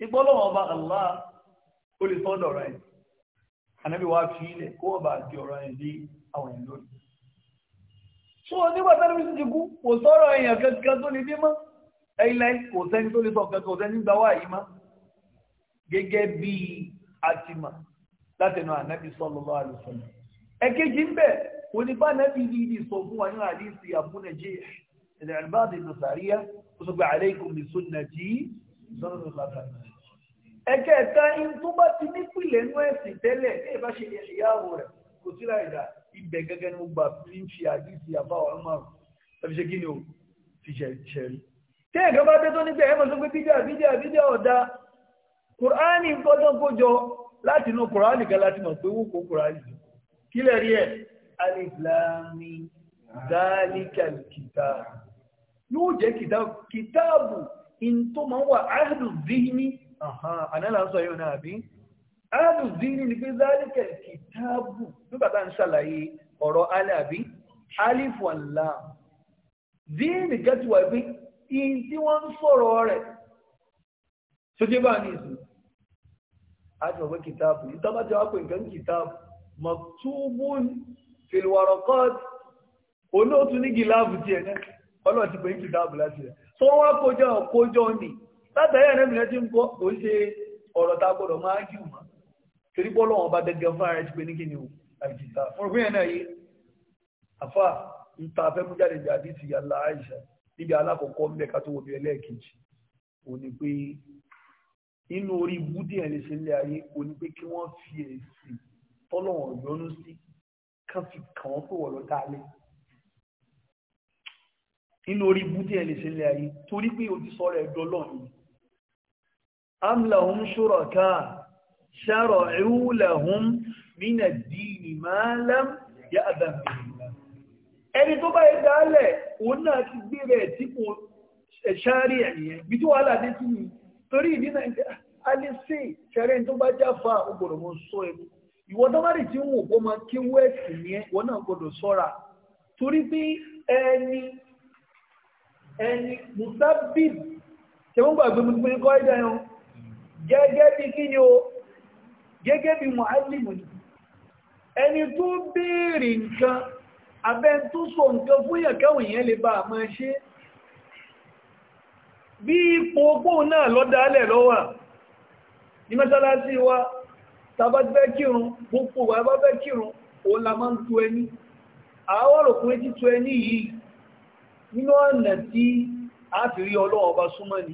ìgbé ọlọ́ọ̀ba allah ó lè sọ́dọ̀ fi ilẹ̀ kó ọba àti ọ̀rọ̀ ẹ̀ lé àwọn ẹ̀ lórí so nígbà tẹ́lẹ̀ fi ti kú kò sọ̀rọ̀ èèyàn kankan tó lè dé mọ́ ẹ̀yìnlẹ́ kò sẹ́ni tó lè sọ kankan kò sẹ́ni gbawá yìí mọ́ gẹ́gẹ́ bí àtìmọ̀ látẹnu ànábì sallallahu alaihi wasallam ẹ̀kejì ń bẹ̀ onípa ànábì yìí sọ fún wa ní àdìsí àbúnẹ̀jẹ́ ilẹ̀ àlùbáàdì nàṣàríyá ó sọ ibẹ̀ gẹ́gẹ́ ni mo gbà fi ń fi àdìsí àbáwọ̀ ọmọrùn tàbí ṣe kí ni o fi ṣẹ̀rí. tí ẹ̀ka bá dé tó níbẹ̀ ẹ̀ mọ̀ sọ pé bídíà bídíà bídíà ọ̀dà kùránì gbọ́dọ̀ kójọ láti inú kùránì kan láti mọ̀ pé wọ́n kó kùránì jù kí lè rí ẹ̀ alìsìlámi dáálíkà kìtà yóò jẹ́ kìtàbù in tó máa àná là yóò náà bí áàlù dínú ni pé zálíkẹ̀ kìtáàbù nígbà tá à ń ṣàlàyé ọ̀rọ̀ alẹ́ àbí alifu àlá dínú kẹ́tùwà pé ihun tí wọ́n ń sọ̀rọ̀ rẹ̀ sójú bá ní ìsìn àti ọ̀pẹ́ kìtáàbù ní tọ́bá tí wọ́n pè nǹkan kìtáàbù maktubun fil waraqat olóòtú ní gíláàbù tiẹ̀ náà ọlọ́ọ̀ ti pè ní kìtáàbù láti rẹ̀ tó wá kójọ kójọ ní látàrí ẹ̀rẹ́mìnà tí ń kọ́ kò ṣe ọ̀rọ̀ ta gbọ́dọ̀ máa jù mọ́ torí pé ọlọ́wọ́n bá fún ara ti pé ní kí ni o àìjìká fún ìgbìyàn náà yé àfà ń ta afẹ́ mú jáde bí àdìsí yàrá àìsà níbi alákọ̀ọ́kọ́ ńbẹ ká tó wọ bí ẹlẹ́ẹ̀kejì ò ní pé inú orí búdí ẹ̀ lè ṣe ilé ayé ò ní pé kí wọ́n fi ẹ̀sìn tọ́lọ̀wọ̀n yọnu sí kán fi kàn wọ́n pé wọ́n lọ dálé inú orí búdí ẹ̀ lè ṣe ilé ayé torí pé o rẹ̀ dọ́lọ́ amla ń ṣòro شرعوا لهم من الدين ما لم يأذن به الله ẹni tó bá yẹ dálẹ̀ òun náà ti gbé rẹ̀ tí kò ṣàárì ẹ̀yẹn bí tí wà láti tí ní torí ìdí nàìjíríà a lè ṣe ṣẹ̀rẹ́ tó bá jáfa ọgbọ̀dọ̀ mọ́ sọ ẹnu ìwọ tí ń wò kó máa kí wẹ́ẹ̀sì ní ẹ wọ́n náà gbọ́dọ̀ sọ́ra torí bí ẹni ẹni musabib ṣe mú gbàgbé mú pé kọ́ ẹ̀dá yẹn gẹ́gẹ́ bí kí ni o gẹ́gẹ́ bí mọ̀álìmù ni ẹni tó béèrè nǹkan abẹ́ tó sọ nǹkan fún yẹ̀kẹ́wọ̀n yẹn lè bá a máa ṣe bí ipò opó náà lọ́dálẹ̀ lọ́wà ní mẹ́sálásí wa tàbá kírun gbogbo wa kírun òun la máa ń tu ẹni àwọ̀rọ̀ pé títú ẹni yìí nínú ọ̀nà tí a fi rí ọlọ́wọ́ ọba súnmọ́ ni.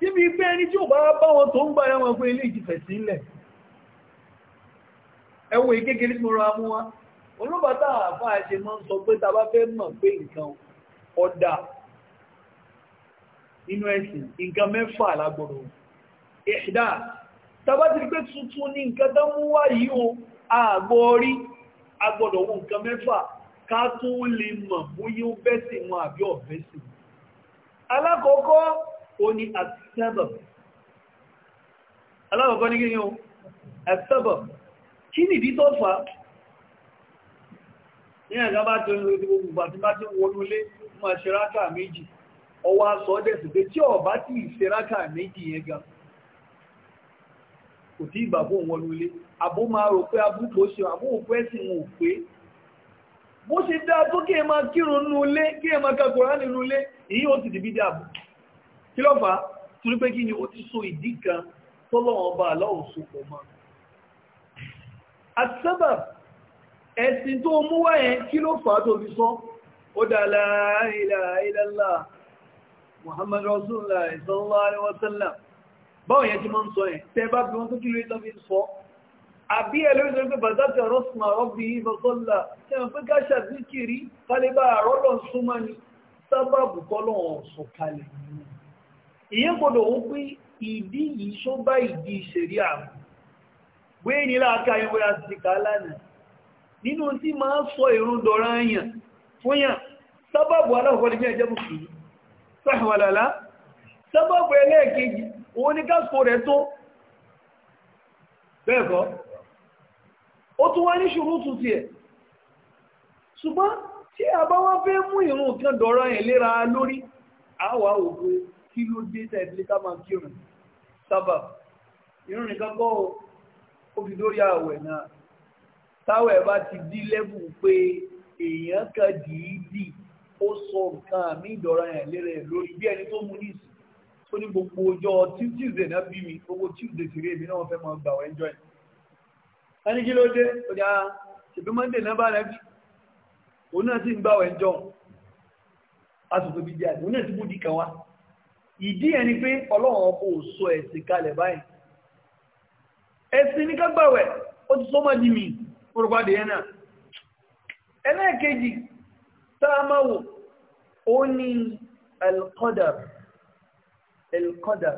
níbi pé ẹni tí ò bá bá wọn tó ń gbà ẹwọn pé ilé ìjìfẹ̀ sílẹ̀ ẹwọ ìkékeré tí mo ra mú wá olóbàtà àfáà ṣe máa ń sọ pé ta bá fẹ́ mọ̀ pé nǹkan ọ̀dà nínú ẹ̀sìn nǹkan mẹ́fà lágbọ̀dọ̀ ẹ̀dá tàbá ti rí pé tuntun ní nǹkan tó mú wá yìí o àgbọ̀ orí agbọ̀dọ̀ wọn nǹkan mẹ́fà ká tún lè mọ̀ bóyá ó bẹ́sìn wọn àbí ọ̀bẹ́sìn alákọ̀ọ́kọ́ o ni asbab aláwọ̀kọ́ ní kí o ó kí ni ìdí tó fà ní ẹ̀gá bá tó rí gbogbo bá tí ó wọnú lé máa ṣe rákà méjì ọwọ́ aṣọ dẹ̀sì tí bá ti ṣe méjì yẹn ga kò tí ìgbà wọn lulé àbó máa rò pé abúkò ṣe àbó òkú ẹ̀sìn wọn ò pé bó ṣe dá tó kí ẹ máa kírun kí ẹ máa ó ti kí ló fà á torí pé kí ni ó ti so ìdí kan tó lọ́wọ́ ọba aláwọ̀ so pọ̀ mọ́ àtisábà ẹ̀sìn tó mú wá yẹn kí ló fà á tó fi sọ ó dá la ilaha illallah muhammad rasulullah sallallahu alaihi wasallam báwo yẹn ti máa ń sọ yẹn bí wọn tó tí wọ́n fẹ́ káṣà sí kiri kálíbà àrọ́lọ̀ súnmọ́ ni sábàbù kọ́lọ̀ ọ̀sùn kalẹ̀ ìyẹn gbọdọ̀ ó pé ìdí yìí ṣó bá ìdí ìṣẹ̀rí àmì wé ní láàká ìwé àtìkà lánàá nínú tí máa sọ ìrun dọ̀rọ̀ àyàn fúnyàn sábàbù aláwọ̀kọ́ ní ẹjẹ́ mùsùlùmí sáhàwàlálá sábàbù ẹlẹ́ẹ̀kejì òun ní káàkó rẹ̀ tó bẹ́ẹ̀kọ́ ó tún wá ní ṣùrútù ti ẹ̀ ṣùgbọ́n tí a bá wá fẹ́ mú ìrun kan dọ̀rọ̀ àyàn léra lórí àwà òkú kí ló dé tẹ̀lé ká máa kírun sábà irun nìkan kọ́ ó fi lórí àwẹ̀ náà táwẹ̀ bá ti dí lẹ́bù pé èèyàn kan dìídì ó sọ nǹkan àmì ìdọ̀ra yẹn lérè lórí bí ẹni tó mú ní ìsìn tó ní gbogbo ọjọ́ tuesday náà bí mi gbogbo tuesday sì rí èmi náà fẹ́ máa gbà wọ́n enjoy ẹni kí ló dé ọjà ah, ṣèbí monday náà bá rẹ bí òun náà sì ń gbà wọ́n enjoy àtúntò bíi díẹ̀ òun náà ti mú di kan wá ìdí ẹni pé ọlọ́run ọkọ̀ òṣọ ẹ̀sìn kalẹ̀ báyìí ẹ̀sìn ní kágbàwẹ̀ ó ti sọ́mọ́ di mi orúkọ̀dé ẹ̀ náà ẹlẹ́ẹ̀kejì táàmáwò ó ní al-qadar al-qadar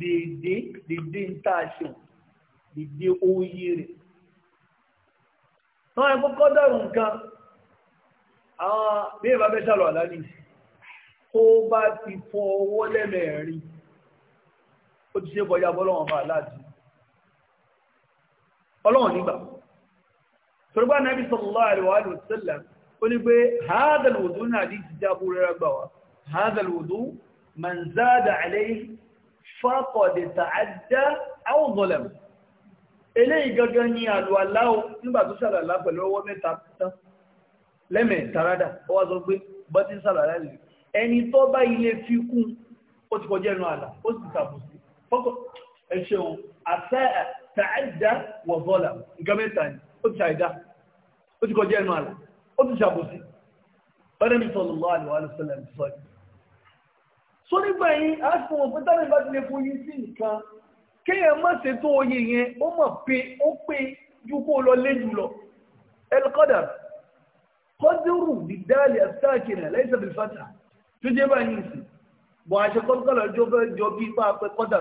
dèdè dèdè ń tààṣù dèdè oyè rẹ̀ wọ́n ẹ̀kọ́ kọ́dàrù nǹkan àwọn bí ìbábẹ́ sàlọ̀ tó bá ti fọ ọwọ́ lẹ́mẹ̀ẹ́rin ó ti ṣe kọjá bọ́lọ́wọ́n bá láti ọlọ́wọ́n nígbà torípa náàbí sallallahu alaihi wa sallam ó ní pé hadal wudu náà di ti jábú rẹ̀ gbà wá hadal wudu man zada alayhi faqad ta'adda aw zalama eléyìí gangan ni àlùwàlá o nígbà tó ṣàlàlá pẹ̀lú ọwọ́ mẹ́ta tán lẹ́mẹ̀ẹ́ tàrádà ó sọ pé bọ́tí ṣàlàlá lè ẹni tó bá ilé fi kún ó ti kọjá ẹnu àlà ó sì sàbòsí fọ́kọ̀ ẹ̀ṣẹ̀ òun àṣẹ tààdá wọ̀bọ́là nǹkan mẹ́ta ni ó ti ṣàìdá ó ti kọjá ẹnu àlà ó ti sàbòsí bẹ́ẹ̀ni sallallahu alaihi wasallam sọ́ọ̀lì tó nígbà yìí a fún wọn pé tánà ìbá ti lè fún yín sí nǹkan kéèyàn má ṣe tó oyè yẹn ó mọ̀ pé ó pé ju kó lọ lé jù lọ ẹlẹ́kọ́dà kọ́dúrù dídáàlì àti sáàkìrì lẹ́yìn sábẹ̀ fàtà tó jẹ́ báyìí nìsín bọ̀ àṣẹ kọ́lọ́kọ́lọ́ jọ bẹ́ẹ̀ jọ bí ipá pẹ́ kọ́dà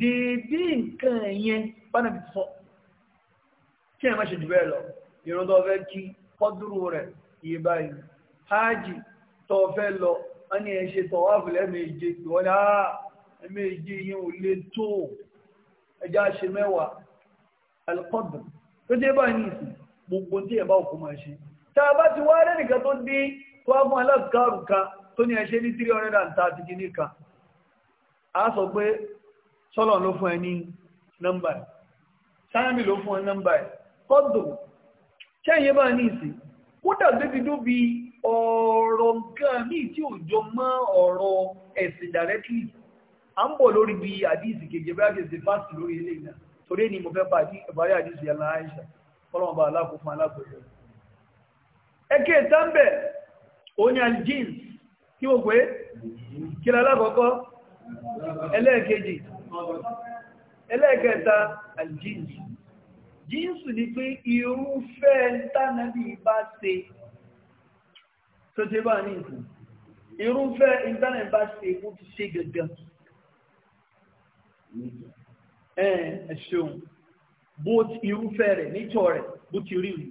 dèédé nǹkan yẹn bánàbí sọ kí ẹ má ṣe jù bẹ́ẹ̀ lọ ìrun tó fẹ́ kí kọ́dúrú rẹ̀ iye báyìí hajj tó fẹ́ lọ wọ́n ní ẹ ṣe tọ̀wáfù lẹ́ẹ̀mejì ìwọ́n ní àá ẹ̀mejì yẹn ò lè tó ẹjá ṣe mẹ́wàá alkọ́dù tó jẹ́ báyìí ní ìsìn gbogbo tí ẹ bá òkú máa ṣe tá a bá ti wá rẹ́ tó dín wá fún aláàkárù kan tó ní ẹṣẹ́ ní 330 kìíní kan a sọ pé sọ́lọ̀ ló fún ẹ ní nọ́mbà ẹ̀ sáàmì ló fún ẹ nọ́mbà ẹ̀ kọ́dọ̀ ṣẹ́yìn bá ní ìsìn kódà débi bi ọ̀rọ̀ nǹkan míì tí ò jọ mọ́ ọ̀rọ̀ ẹ̀sìn directly a ń bọ̀ lórí bí àdíìsì kejì bá kejì fásitì lórí ilé ìlà torí ni mo fẹ́ pàdé ìbárí àdíìsì yàrá àìsàn fọlọ́mọba aláàkó fún aláàkó ẹ̀kẹ́ ìtàǹbẹ̀ òní aljíns kí o pé kí lálákọ́kọ́ ẹlẹ́ẹ̀kejì ẹlẹ́ẹ̀kẹta aljínsù jínsù ni pé irúfẹ́ ìtànàbí bá ṣe tó ṣe bá ní ìsìn irúfẹ́ ìtànàbí bá ṣe mú ti ṣe gẹ̀gẹ̀ ẹ̀ṣùn bó ti irúfẹ́ rẹ̀ nítọ̀ rẹ̀ bó ti rí rí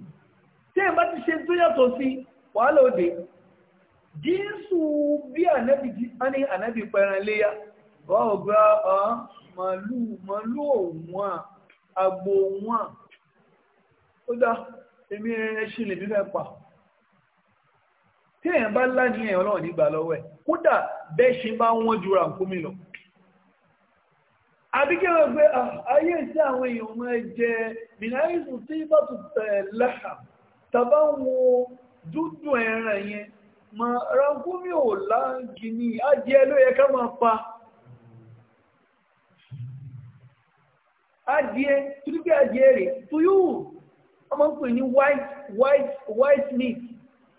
tí ẹ̀ bá ti ṣe tó yàtọ̀ sí wàhálà òde jíńsù bí ànábì jí á ní ànábì pẹran léyà wọ́n ò gbá ọ́n màálù màálù òun à àgbò òun à ó dá èmi ẹṣin lèmi fẹ́ pa tí èèyàn bá lá ní ẹ̀yàn náà nígbà lọ́wọ́ ẹ̀ kódà bẹ́ẹ̀ ṣe bá wọ́n ju ràǹkómi lọ àbí kí wọ́n gbé ah, ayé sí àwọn èèyàn máa jẹ bìnnáyìsùn tí bá tún tẹ̀ láhà tàbá wọn dúdú ẹran yẹn mọ̀ ránkúmí ò láǹgì ní ajẹ́ ló yẹ ká máa pa adìẹ tìrìbí adìẹ rẹ̀ tó yóò ọmọ ń pè ní white white white meat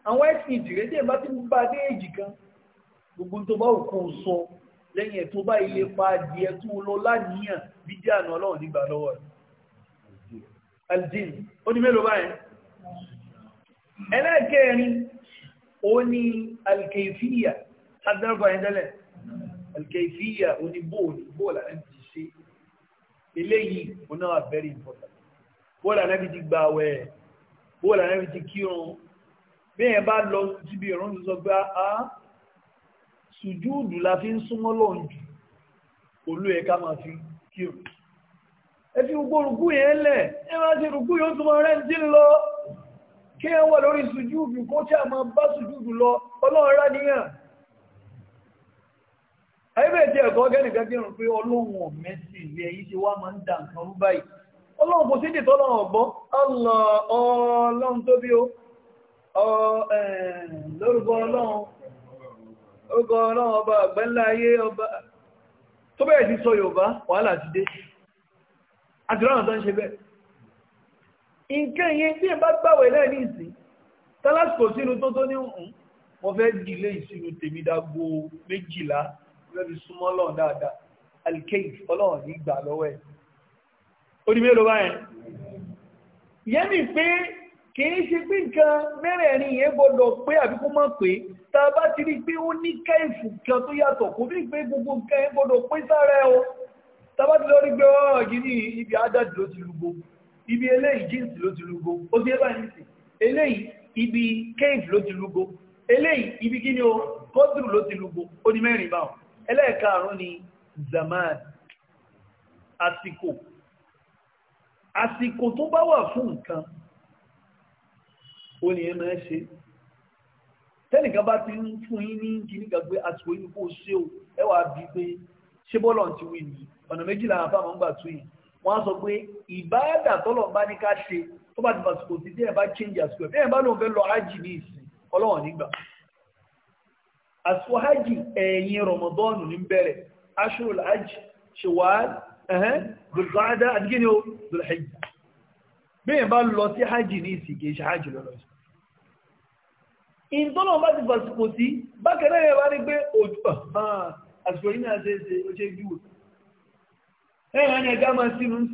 àwọn white meat rẹ̀ tẹ̀ bá ti ń bá dé èjì kan gbogbo tó bá òkú sọ lẹ́yìn ẹ̀ tó bá ilé pa adìẹ tó lọ láníyàn bídí àná ọlọ́run nígbà lọ́wọ́ rẹ̀ aljin ó ní alkeifiya adárúkọ yẹn tẹ́lẹ̀ alkeifiya ó ní bóòlù bóòlù àrẹ́bì ti ṣe eléyìí ó náà very important bóòlù àrẹ́bì ti gba àwẹ̀ bóòlù àrẹ́bì ti kírun bí yẹn bá lọ síbi ìrún sísọ pé a sùjúùdù la fi ń súnmọ́ lọ́hùn jù olú ẹ̀ ká máa fi kírun ẹ fi gbogbo rùkú yẹn lẹ̀ ẹ máa ṣe rùkú yóò túnmọ̀ rẹ̀ ń dín lọ kí ẹ wà lórí sùjúùdù kó tí a máa bá sùjúùdù lọ ọlọ́run rá níyàn ayébẹ̀ẹ́dì ẹ̀kọ́ gẹ́nìkan tí ó rùn pé ọlọ́run ọ̀mẹ́sì ilé yìí ti wá máa ń dà nǹkan rú báyìí ọlọ́run kò sídìí tọ́lọ́run ọ̀gbọ́ ọlọ́run tó bí ó sí nǹkan yẹn tí ẹ bá gbàwẹ̀ náà ní ìsìn tálásìkò sínú tó tó ní ọ̀hún wọ́n fẹ́ dìlé ìsinú tèmi dágbó méjìlá wọ́n fi súnmọ́ lọ́n dáadáa alikeif ọlọ́run ní gbà lọ́wọ́ ẹ̀ ó di mélòó báyẹn ìyẹn mi pé kìí ṣe pé nǹkan mẹ́rẹ̀ẹ̀rin yẹn gbọ́dọ̀ pé àbí kó má pé tá a bá ti rí pé ó ní káìfù kan tó yàtọ̀ kò ní pé gbogbo nǹkan yẹn gbọ́dọ̀ pé sára ẹ̀ o tá a bá ti lọ rí pé ọ́ ìgbìyànjú ibi àádájú ti lu gbogbo ibi eléyìí jíǹsì ló ti lúgó ó ti ẹbá ní sí eléyìí ibi kéèfì ló ti lúgó eléyìí ibi kí ni ó kọ́dùrù ló ti lúgó ó ní mẹ́rin báwọn ẹlẹ́ẹ̀kaàrún ni zaman àsìkò àsìkò tó bá wà fún nǹkan ó ní ẹmọ ẹ ṣe tẹ́nìkan bá ti ń fún yín ní kìníkà pé àsìkò yìí kó ṣe ó ẹwà bíi pé ṣé bọ́lọ̀ ti wí ni ọ̀nà méjìlá àbámọ́ ń gbà tún yìí wọ́n sọ pé ìbáàdà tọ́lọ̀ bá ní ká ṣe tó bá ti pàṣípò tí díẹ̀ bá change àsìkò ẹ̀ bá lóun fẹ́ lọ ájì ní ìsìn ọlọ́wọ̀n nígbà àsìkò ájì ẹ̀yìn rọmọdọ́ọ̀nù ní bẹ̀rẹ̀ ashurul ájì ṣèwàl dùlùkọ́ádá àdígínì ó dùlùhẹ́jì bẹ́ẹ̀ bá lọ sí ájì ní ìsìn kì í ṣe ájì lọ́lọ́ sí ìtọ́lọ̀ bá ti pàṣípò tí bákẹ́rẹ́ ẹ̀yìn ẹni ẹja máa sínú ń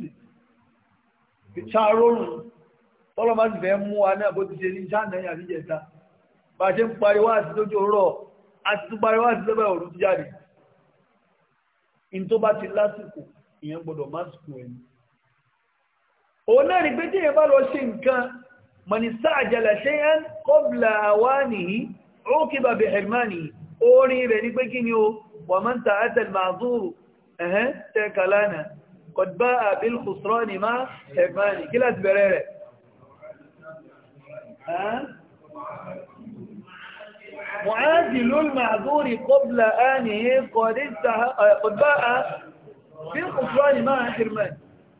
sì ṣàrórùn tọ́lọ́mà sì fẹ́ mú wa náà bó ti ṣe ní ṣáàna ẹ̀yà ní ìjẹta bá a ṣe ń pariwo àti lójú òwúrọ̀ àti tún pariwo àti lọ́bẹ̀ òru ti jáde in bá ti lásìkò ìyẹn gbọ́dọ̀ másìkò ẹni òun náà rí pé tí èèyàn bá lọ ṣe nǹkan mọ̀nísà àjẹlẹ̀ ṣe ń kọ́bìlà wá nìyí ó kí bàbá ẹ̀rìmánì orin rẹ̀ ní pé kí ni o wàmọ́ntà àtẹlmàzúrù ẹ̀hẹ́n tẹ́ kàlánà kọ̀dbá àbíl kùsùrọ́ ni máa ẹ̀gbáni kí láti bẹ̀rẹ̀ rẹ̀ معادل المعذور قبل آنه قد باء في الخسران مع حرمان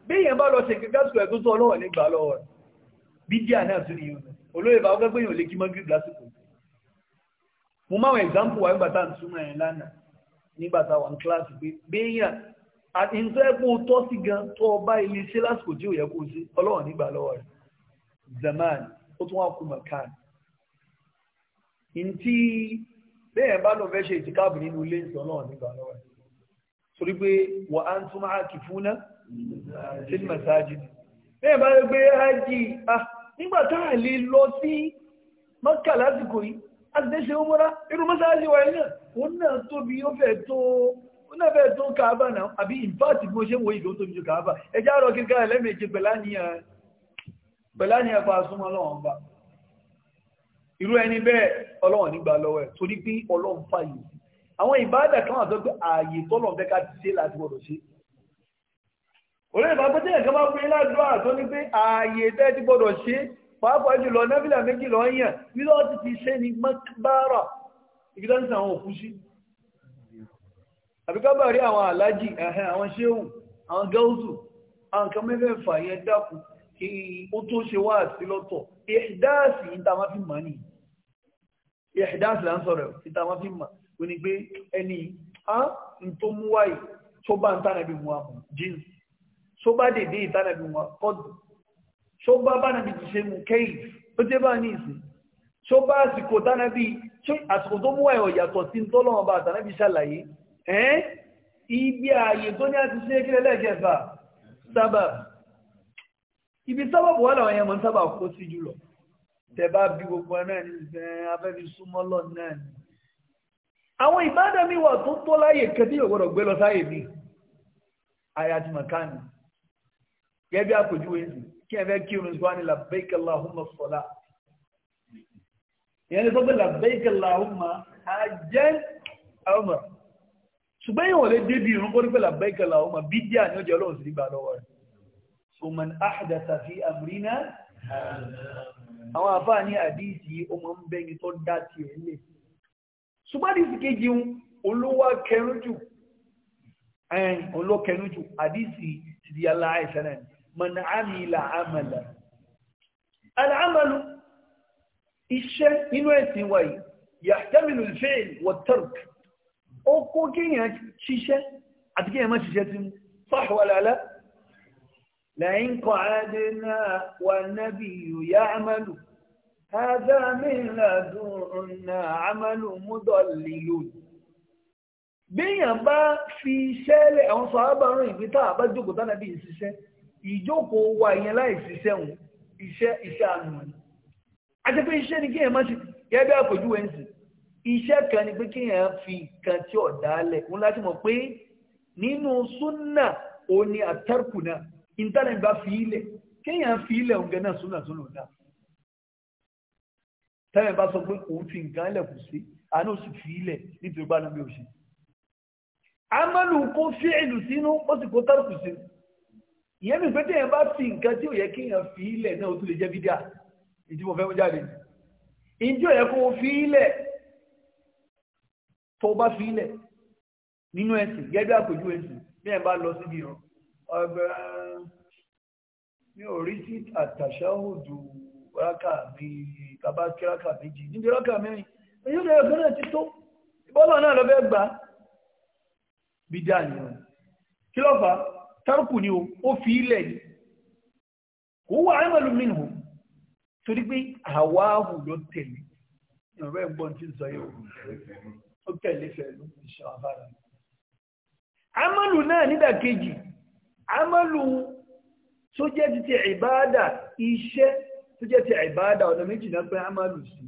bí èyàn bá lọ ṣe gẹ́gẹ́sù ẹ̀ tó tó ọlọ́wọ̀ ní gbà lọ́wọ́ rẹ̀ bí díà náà tún nìyàn rẹ̀ olóyè bá ọgbẹ́gbẹ́ nígbàtà wà ní kíláàsì pé béèyàn àtìntọ́ ẹ̀pọ̀ tọ́ sí gan tó ọba ilé ṣe lásìkò tí ò yẹ kó sí ọlọ́wọ̀n nígbà lọ́wọ́ rẹ̀ zaman ó tún wá kú mọ̀kán ntí bẹ́ẹ̀ bá lọ fẹ́ ṣe ìtìkáàbù nínú ilé ìsọ̀ náà nígbà lọ́wọ́ rẹ̀ torí pé wà á ń tún máa kì fún ná sí mẹ́sáájì bẹ́ẹ̀ bá lọ gbé ájì ah, nígbà táà lè lọ sí mọ́kà lásìkò yìí àtẹ̀ṣe ọmọra irú mọ́sáàsì wà yẹn náà òun náà tóbi ó fẹ́ tó ó náà fẹ́ tó káàbà náà àbí ìfáàtì bí mo ṣe ń wo ìgbó tóbi ju káàbà ẹjá rọ kíkà ẹlẹ́mẹ̀jẹ pẹ̀lá ní ẹ̀fà súnmọ́ ọlọ́run bá irú ẹni bẹ́ẹ̀ ọlọ́run nígbà lọ́wọ́ ẹ̀ torí pé ọlọ́run fàyè àwọn ìbáàdà kan wà tó gbé ààyè tọ́lọ̀ bẹ́ẹ̀ ká ti ṣe láti gbọdọ̀ ṣe òun ìbá pé tí ẹ̀ka bá fún yín ládùúgbò àtọ́ ní pé ààyè tẹ́ ti gbọdọ̀ ṣe pàápàá jùlọ nábìlà méjì lọ ń yàn bí lọ́wọ́ ti ti ṣe ní mọ́kbára ibi tó ń sin àwọn òkú sí àbíkábà rí àwọn aláàjì àwọn ṣéhùn àwọn gáúsù àwọn kan mẹ́fẹ̀ẹ̀fà yẹn dákù kí ó tó ṣe wá sí lọ́tọ̀ ìdáàsì ìtàmá fi ṣó bá bánàbí ti ṣe mú kéèf ó jẹ́ bá ní ìsìn ṣó bá àsìkò tánàbí àsìkò tó mú ẹ̀họ̀ yàtọ̀ sí tọ́lọ́wọ́n bá tánàbí ṣàlàyé ẹ́n ibi ààyè tó ní àti ṣe kí lẹ́lẹ́gẹ̀ẹ́fà sábà ibi sábà wà láwọn ẹ̀mọ́ sábà kó sí jùlọ tẹ̀bá bí gbogbo náà ní ìsìn abẹ́bí súnmọ́ lọ náà ni àwọn ìbádà mi wà tó tó láyè kẹtí ògbọ́dọ̀ gbé lọ sáyè mi àyàtìmọ̀kánì gẹ́gẹ́ bí àpèjúwe sí kí ẹ fẹ́ kírun ìgbà ní labbaik Allahumma sọ́lá ìyẹn ni sọ́gbẹ́ labbaik Allahumma ajẹ́ ọmọ ṣùgbọ́n yíò lè débi ìrún kó ní pé labbaik Allahumma bí díà ní ọjọ́ ọlọ́run sí nígbà lọ́wọ́ rẹ̀ so man ahdatha fi àwọn àfáà ní àdíìsì ọmọ ń bẹ́ni tó dá tiẹ̀ lè ṣùgbọ́n àdíìsì kejì olówó kẹrùn jù àdíìsì ti di man amila amala al'amalu iṣẹ́ nínú ẹ̀sìn wa yìí yahtamilu al-fi'l wa at-tark ó kó kéèyàn ṣiṣẹ́ àti kéèyàn má ṣiṣẹ́ tí mú صح ولا لا لئن قعدنا والنبي يعمل هذا من لدنا عمل مضلل bíyàn bá fi iṣẹ́ lẹ̀ àwọn sọ̀rọ̀ rìn ìpítà àbájókòó tánàbí ìṣiṣẹ́ ìjókòó wa ìyẹn láì ṣiṣẹ́ òun iṣẹ́ iṣẹ́ àánú wọn. àti pé iṣẹ́ ni kí èèyàn má ṣe gẹ́gẹ́ bí àpèjúwe ń sìn iṣẹ́ kan ni pé kí èèyàn fi kan tí ọ̀dà lẹ̀ òun láti mọ̀ pé nínú súnà ni àtẹ́kù bá fi ilẹ̀ kéèyàn fi ilẹ̀ òun náà súnà tó lò náà. tẹ́lẹ̀ bá sọ pé òun fi nǹkan lẹ̀ kù sí àánú sì fi ilẹ̀ nítorí bá náà bí ó ṣe. ìyẹn mi pé téèyàn bá fi nǹkan tí ò yẹ kéèyàn fi ilẹ̀ náà ó tún lè jẹ́ bídíà ìdí mo fẹ́ mú jáde ìdí ò yẹ kó o fi ilẹ̀ tó o bá fi ilẹ̀ nínú ẹ̀sìn gẹ́gẹ́ àpèjú ẹ̀sìn bí ẹ̀ bá lọ síbi ìran ọgbẹ́ mi ò rí sí àtàṣáhùdù rákà mi bàbá kí rákà méjì níbi rákà mẹ́rin èyí ò lè ọ̀gbẹ́ náà ti tó ìbọ́lọ̀ náà lọ fẹ́ gbà bídíà nìyẹn kí ló fà á tárùkù ni ó fi ilẹ̀ ni ó wà ámàlù mìíràn torí pé àwa àwùjọ tẹ̀lé ẹ̀gbọ́n ti yóò ó tẹ̀lé fẹ̀lú àbára náà tó jẹ́ ti ti iṣẹ́ tó jẹ́ ti ọ̀nà méjì náà pé sí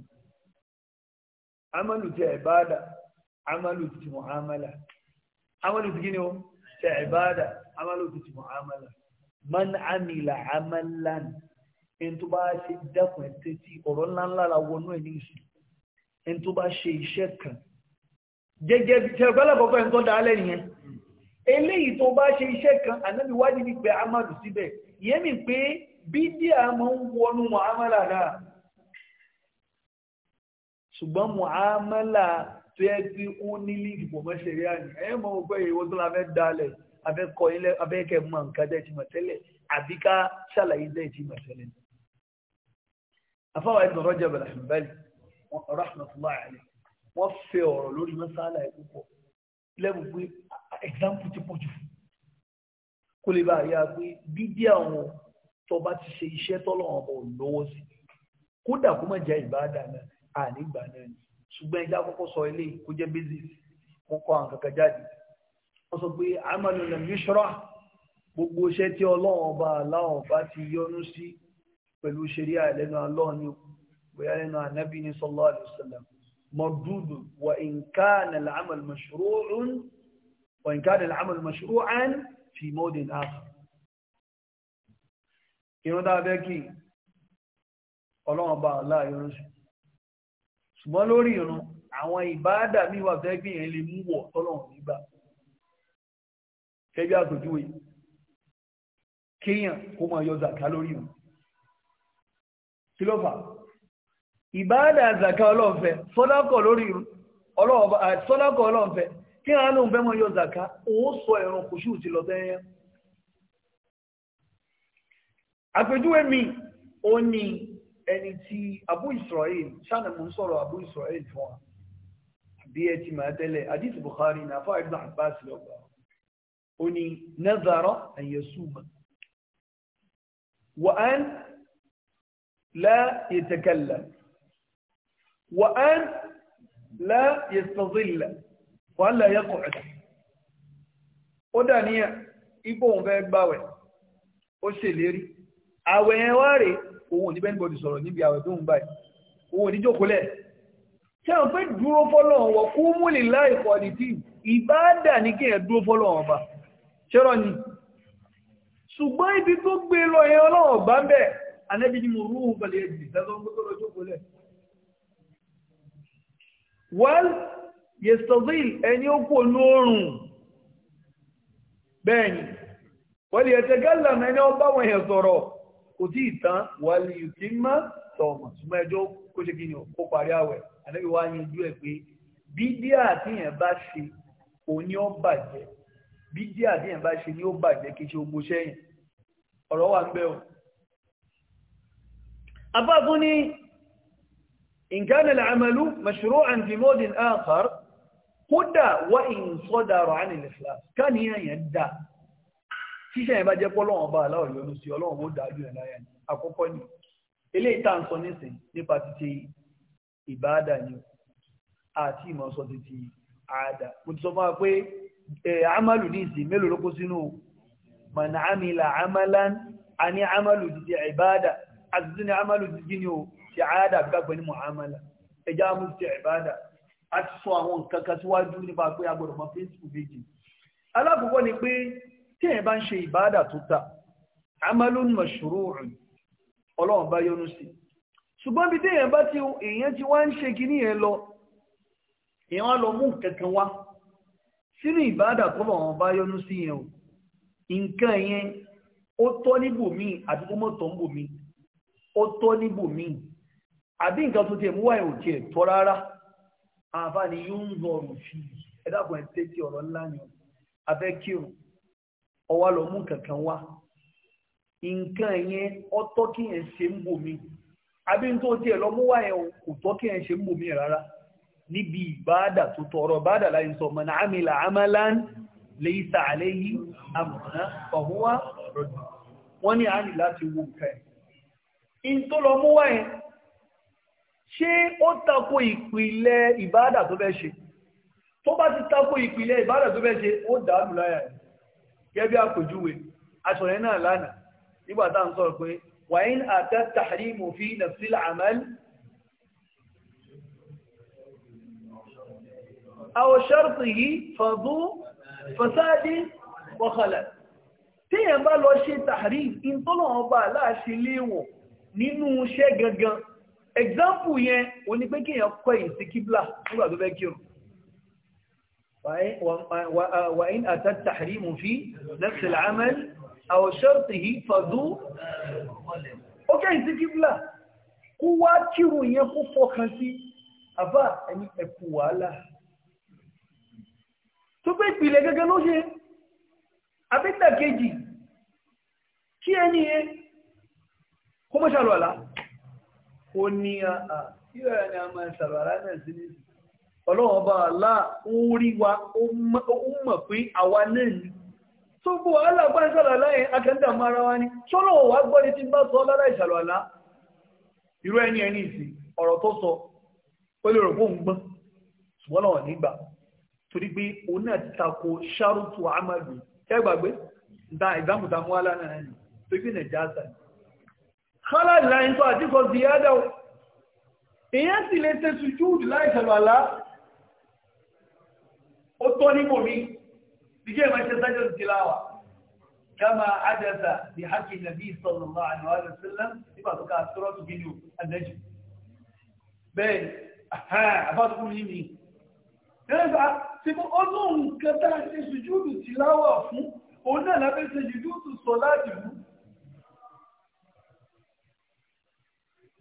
ti ti ti gíní amálò ti ti mọ̀ amálà man amila amalan ẹni tó bá ṣe dákun ẹ̀ tẹ́tí ọ̀rọ̀ ńláńlá la wọnú ẹ̀ ní ìṣù ẹni tó bá ṣe iṣẹ́ kan jẹjẹ tẹ̀gbẹ́lẹ̀kọ́kọ́ ẹni tó dá alẹ́ nìyẹn eléyìí tó bá ṣe iṣẹ́ kan ànábi wádìí ní pé amadu síbẹ̀ ìyẹn mi pé bídíà máa ń wọnú muamala náà ṣùgbọ́n muamala tó yẹ kí ó nílí ìdìbò àná ẹ̀yẹ́ mọ̀ wọ́pẹ́ ìwọ́n tó la fẹ́ dálẹ̀ abẹ́kọ̀ ilé abẹ́kẹ̀ mọ nǹkan tẹ́ ti mọ̀ tẹ́lẹ̀ àbí ká ṣàlàyé tẹ́ ti mọ̀ tẹ́lẹ̀. afáwọn ẹ̀dùn rọ́jà bẹ̀rẹ̀ àmì rahmatullahi alayhi wọ́n fẹ́ ọ̀rọ̀ lórí mọ́sálà ẹ̀ púpọ̀ lẹ́bùn pé example ti pọ̀ jù kó lè bá yá pé dídí àwọn tó bá ti ṣe iṣẹ́ tọ́lọ̀ ọmọ lọ́wọ́ sí kódà kó má jẹ́ ìbáadà náà ànígbà náà ni ṣùgbọ́n ẹja sọ ilé kó jẹ́ basis wọ́n sọ pé amalu lam yushra gbogbo iṣẹ́ tí ọlọ́run ọba aláwọ̀ bá ti yọnu sí pẹ̀lú ṣẹ̀ríà lẹ́nu alọ́run ni bóyá lẹ́nu ànábì ní sallallahu alaihi wasallam mọ̀dúdù wà in kana al-amal mashru'un wà in kana al-amal mashru'an fi mawdin akhar irun ṣùgbọ́n lórí irun àwọn ìbáàdà míwà fẹ́ gbìyànjú lè mú wọ̀ tọ́lọ́run nígbà ṣebí àpèjúwe kéèyàn kó máa yọ zàká lórí ìrun kí ló fà ìbáàdà zàká ọlọ́ọ̀fẹ́ sọ́dákọ̀ lórí ìrun eh, sọ́dákọ̀ ọlọ́ọ̀fẹ́ kí a lóun fẹ́ yọ zàká òun sọ ẹ̀rùn kò ṣùù lọ tẹ́yẹn àpèjúwe mi ó ní ẹni tí Abu Israel ṣáà mo ń sọ̀rọ̀ Abu Israel fún wa bí ẹ ti máa tẹ́lẹ̀ hadith Bukhari náà fáwọn ibn Abbas lọ́gbàá ó ní nazara àyẹ̀sùmá wà á ń la yatakallam wà á ń la yastazilla ó dà níyà ipò òun fẹ́ gbàwẹ̀ ó ṣèlérí àwẹ̀ yẹn wá rèé òun ò ní bẹ́ẹ̀ bọ́dì sọ̀rọ̀ níbi àwẹ̀ tó ń báyìí òun ò ní jókòólẹ̀ tí àwọn pé dúró fọ́lọ́run wọ kú múlì láì tí ìbáàdà ní kí ẹ dúró fọ́lọ́run ọba ṣọ́rọ̀ ni ṣùgbọ́n ibi tó gbé lọ yẹn ọlọ́wọ̀ bá ń bẹ̀ anẹ́bí ni mo rúhùn pẹ̀lú ẹ̀jì tẹ́lọ́ gbé tó lọ jókòó lẹ̀ wọ́n yẹ̀sọ̀zìl ẹni ó kò lóòrùn bẹ́ẹ̀ ni wọ́n lè tẹ́gẹ́lá mẹ́ni ó bá wọn yẹn sọ̀rọ̀ kò tí ì tán wọ́n lè tí má tọ̀mọ̀ súnmọ́ ẹjọ́ kó ṣe kí ni ó parí àwẹ̀ anẹ́bí wá yanjú ẹ̀ pé bídíà àti yẹn bá ṣe òní ó bàjẹ́ bí díẹ̀ àdéhùn bá ṣe ni ó bàjẹ́ kí ṣe ogbó sẹ́yìn ọ̀rọ̀ wà ń bẹ́ o. afáfún ní ìǹkanilẹ̀ àmàlú mashuru antimodin akhar kódà wá ìǹsọ́dà rọ̀ ánìlẹ̀ flas káníyàn yẹn dá ṣíṣẹ́ yẹn bá jẹ́ pọ́lọ́wọ́n bá aláwọ̀ yọnu sí ọlọ́wọ́n ó dájú ẹ̀ mo ti sọ fún wa pé amalu ní ìsìn mélòó ló man amila amalan a Amalu àmàlù ti ìbádà àti tí ní àmàlù o ti àádà gbàgbẹ́ mu'amala ẹjá mú ti a ti sọ àwọn nǹkan kan a gbọ́dọ̀ mọ facebook ni pé tí èèyàn bá ń ṣe ìbádà amalun mashru'un ọlọ́run bá yọ́nú sí ṣùgbọ́n bí tí èèyàn bá ti èèyàn ti wá ń ṣe yẹn lọ èèyàn lọ mú nǹkan kan wá sínú ìbádà tọ́lọ̀ wọn bá yọ́nú sí yẹn o nǹkan yẹn ó tọ́ níbòmí àti kó mọ́tọ́ níbòmí ó tọ́ níbòmí àbí nǹkan tó tiẹ̀ mú wáyé ò tiẹ̀ tọ́ rárá àbá ni yóò ń fi ẹ dàbọ̀ ẹ tẹ́tí ọ̀rọ̀ ńlá ni abẹ́ kankan wá nǹkan yẹn ó tọ́ kí yẹn ṣe ń bòmí àbí tiẹ̀ lọ mú níbi ìbáadà tó tọrọ báadà láì sọ mọ̀nà àmìlà àmàlán laysa alayhi amruna fahuwa wọ́n ní àánì láti wo nǹkan ẹ̀. in tó lọ mú wáyé ṣé ó tako ìpìlẹ̀ ìbáadà tó fẹ́ ṣe tó bá ti tako ìpìlẹ̀ ìbáadà tó fẹ́ ṣe ó dàánù láyà ẹ̀ gẹ́bí àpèjúwe aṣọ̀rẹ́ náà lánàá nígbà tá ń sọ̀rọ̀ pé wàyín àtẹ́ tàhírí mòfin nàfíl àmàlì أو شرطه فضو فساد وخلل téèyàn bá lọ ṣe tàrí ìtọ́nà ọba aláàṣẹ léwọ̀ nínú iṣẹ́ gangan example yẹn o ní pé kéèyàn kọ́ èyí sí kíblà nígbà tó fẹ́ kírun wà ní àtà tàrí mú fi nafsil amal aw shartihi fadú ó kẹ́ èyí sí kíblà kó wá kírun yẹn kó fọkàn sí àbá ẹni ẹkù wàhálà tupu pé ìpìlẹ̀ gẹ́gẹ́ ló ṣe àbíta kejì kí ẹni yẹn kó mọ́ ṣàlọ́lá ó ní àà a máa ṣàlọ́lá náà sí ní ọlọ́wọ́n bá aláà nriwa wa ó mọ̀ pé àwa náà ni tó bó aláàbá ìṣàlọ́lá yẹn akẹ́ńdà wa ni ṣọ́lọ́wọ́ wá gbọ́ ni ti bá sọ lára ìṣàlọ́lá irú ẹni ẹni ìsìn ọ̀rọ̀ tó sọ ó lè rò fóun gbọ́n ṣùgbọ́n náà torí pé òun náà ti tako ṣàrùtù amadu ẹgbàgbé da ìgbàmù tàmú wálá náà ni tó gbé nà jáàsà ni kọ́lá ìlànà tó àti kọ́ sí yádà ó èyàn sì lè ṣe sùjúùdù láì ṣàlùwàlá ó tọ́ nípò mi díjẹ́ ìmọ̀ ṣe sájọ́ sí láwà kama adasa bi haqqi nabi sallallahu alaihi wa sallam nípa tó ká sọ́rọ́ tó gínú àdájú bẹ́ẹ̀ àbá tó kún ní ẹ̀rẹ́gbà tí ó lóhun kẹta ṣe sùjúdù ti láwà fún òun náà lábẹ́ ṣe sùjúdù sọ láti mú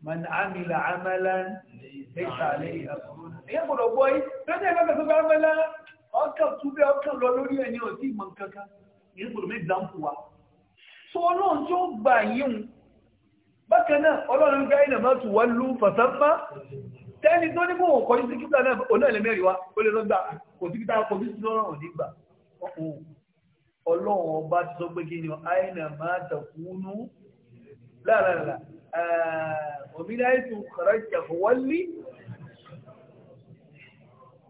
man amila amalan lẹ́yìn àlẹ́ ìyàkùnrin ẹ̀yẹ́ gbọ́dọ̀ gbọ́ yìí lọ́jọ́ ìgbàgbà tó tẹ́ni tó ní kóhùn kọ́ ní síkítà náà oná ilẹ̀ mẹ́rin wa ó lè lọ́gbà kò síkítà kò sí sí lọ́rọ̀ nígbà ọlọ́run ọba ti sọ pé kí ni àìnà máa tàkúnú láàrínlá òmìnira ètò kàràjà wọlé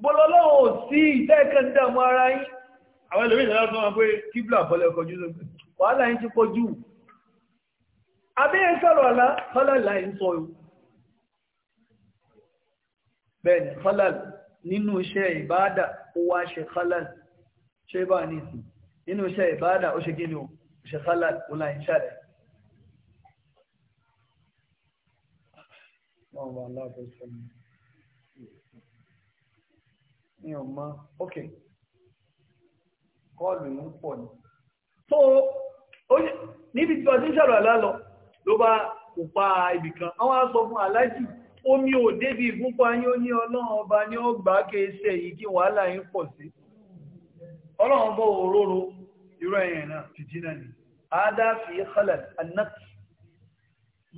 bọ́lọ́lọ́run sí ìtẹ́ẹ̀kẹ́ndà mọ́ ara yín àwọn ẹlòmí ìlànà tó wọn pé kíblà bọ́lẹ̀ kọjú wàhálà yín ti pọ̀ jù abẹ́yẹ sọ̀rọ̀ àlá kọ́lá bẹ́ẹ̀ ni khalal nínú iṣẹ́ ìbáadà ó wá ṣe khalal ṣe bá ní ìsìn nínú iṣẹ́ ìbáadà ó ṣe gínú ṣe khalal ó láì ṣàrẹ̀ mi ò mọ̀ ok kọlù ń pọ̀ ní tó níbi tí ọdún ṣàrọ̀ àlá lọ ló bá kò pa ibìkan àwọn aṣọ fún omi ò débi ìgúnpá ní ó ní ọlọ́run ọba ní ọgbà kéèṣẹ́ yìí kí wàhálà yìí pọ̀ sí ọlọ́run bọ́ òróró irú ẹ̀yìn náà fìtínà ni àádáfì khalat anáàkì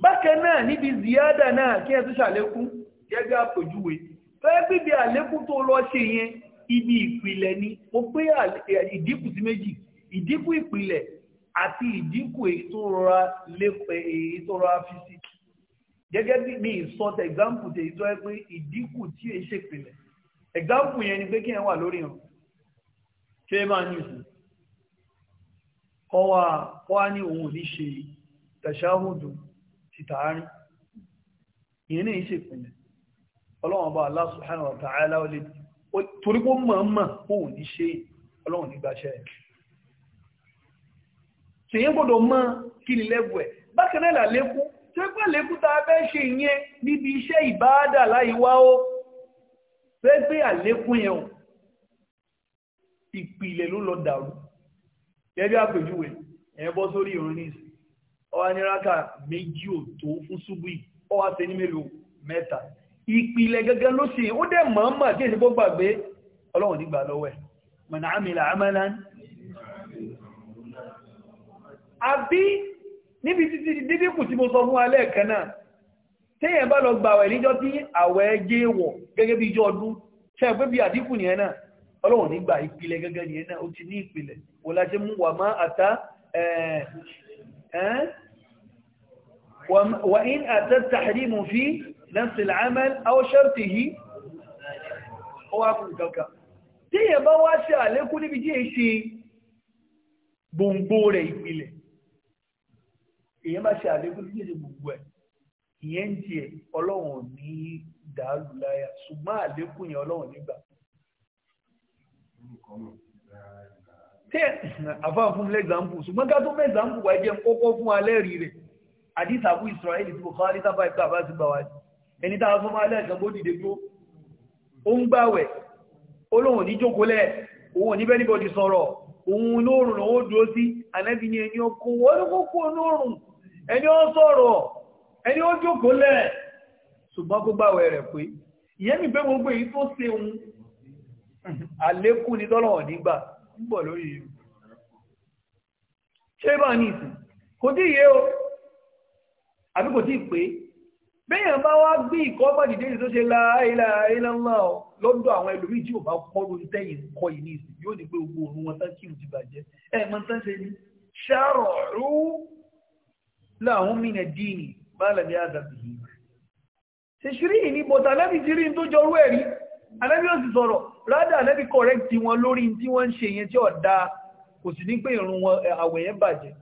bákan náà níbi ziyada náà kí ẹ tún ṣàlékún gẹ́gẹ́ àpèjúwe fẹ́ bíbi àlékún tó lọ ṣe yẹn ibi ìpìlẹ̀ ni mo pé ìdínkù sí méjì ìdínkù ìpìlẹ̀ àti ìdínkù èyí tó rọra fi sí gẹ́gẹ́ bí mi sọ tẹ example tẹ ìtọ́ ẹ pé ìdínkù tí èyí ṣe pìlẹ̀ example yẹn ni pé kí ẹ wà lórí hàn ṣé ẹ máa ní ìsìn kọ́ wa kọ́ wa ní òun ò ní ṣe tẹ̀ṣáhùdù títàárín ìyẹn ní ìṣe pìlẹ̀ ọlọ́wọ́n bá Allah subhanahu wa ta'ala ó lè torí kó mọ̀ mọ̀ kó ò ní ṣe ọlọ́wọ́n nígbàṣẹ́ ẹ̀ ṣèyí gbọ́dọ̀ mọ̀ kí ni lẹ́bù bákan náà làlékún ṣé pẹ̀lẹ́ kúta fẹ́ ṣe ìyẹn níbi iṣẹ́ ìbáadà láìwá ó fẹ́ gbé àlékún yẹn ìpìlẹ̀ ló lọ dàrú gẹ́gẹ́ àpèjúwe ẹ̀ bọ́ sórí ìrun ní ìsìn ọwá ní rákà méjì ò tó fún ṣubú yìí ọwá ṣe ní mélòó mẹ́ta ìpìlẹ̀ gẹ́gẹ́ ló sì ó dẹ̀ mọ̀ọ́mọ̀ kí èsì gbọ́gbà ọlọ́run nígbà lọ́wọ́ mọ̀nà àmìlà àmàlà àbí níbi títí dídí kù tí mo sọ fún alẹ́ kan náà téèyàn bá lọ gba àwẹ̀ níjọ́ tí àwẹ̀ jẹ́ wọ̀ gẹ́gẹ́ bí ijó ọdún ṣe pé bí àdínkù nìyẹn náà ọlọ́run nígbà ìpìlẹ̀ gẹ́gẹ́ nìyẹn náà ó ti ní ìpìlẹ̀ wò láti mú wà má àtá wà ní àtá tàhírímù fi lẹ́sìn èyàn máa ṣe àlékún méjèèjì gbogbo ẹ̀ ìyẹn ń jẹ ọlọ́run ní dàálù láyà ṣùgbọ́n àlékún yẹn ọlọ́run nígbà. tí àfáà fún mi lẹ́gbàmpù ṣùgbọ́n ká tó mẹ́gbàmpù wá jẹ́ kọ́kọ́ fún alẹ́ rí rẹ̀ àdìsá fún Israẹli tí Bukhari alẹ́ sábà ìgbà bá ti gbà wá ẹni tá a fún alẹ́ kan bó dìde tó ó ń gbàwẹ̀ olóhùn ní jókòólẹ̀ òun ní bẹ́ẹ̀ níbọ̀dì sọ̀rọ̀ òun lóòrùn lòun ó dúró sí ànábì ni ẹni ọkọ̀ wọ́n ló kókó lóòrùn ẹni ó sọ̀rọ̀ ẹni ó jókòó lẹ̀ ṣùgbọ́n kó gbàwẹ̀ rẹ̀ pé ìyẹn mi pé gbogbo èyí tó ṣe òun àlékún ni tọ́lọ̀wọ̀ nígbà ń bọ̀ lórí ìlú ṣé bá ní ìsìn kò tí ìyé o àbí kò tí pé bẹ́yàn bá wá gbé ìkọ́ bá dìde tó ṣe láàílàílàmà lọ́dọ̀ àwọn ẹlòmí tí ò bá kọ́rù tẹ́yìn kọ́ yìí ní ìsìn yóò ní pé gbogbo òun wọn tán kí láàrún mí dìní bá lẹ̀bí àdàbì yìí ṣe ṣírí ìní bọ̀tà anábì ti rí tó jọrú ẹ̀rí anábì ó sì sọ̀rọ̀ rádà anábì kọ̀rẹ́kì wọn lórí tí wọ́n ń ṣe yẹn tí ọ̀dá kò sì ní pé ìrun wọn àwẹ̀ yẹn bàjẹ́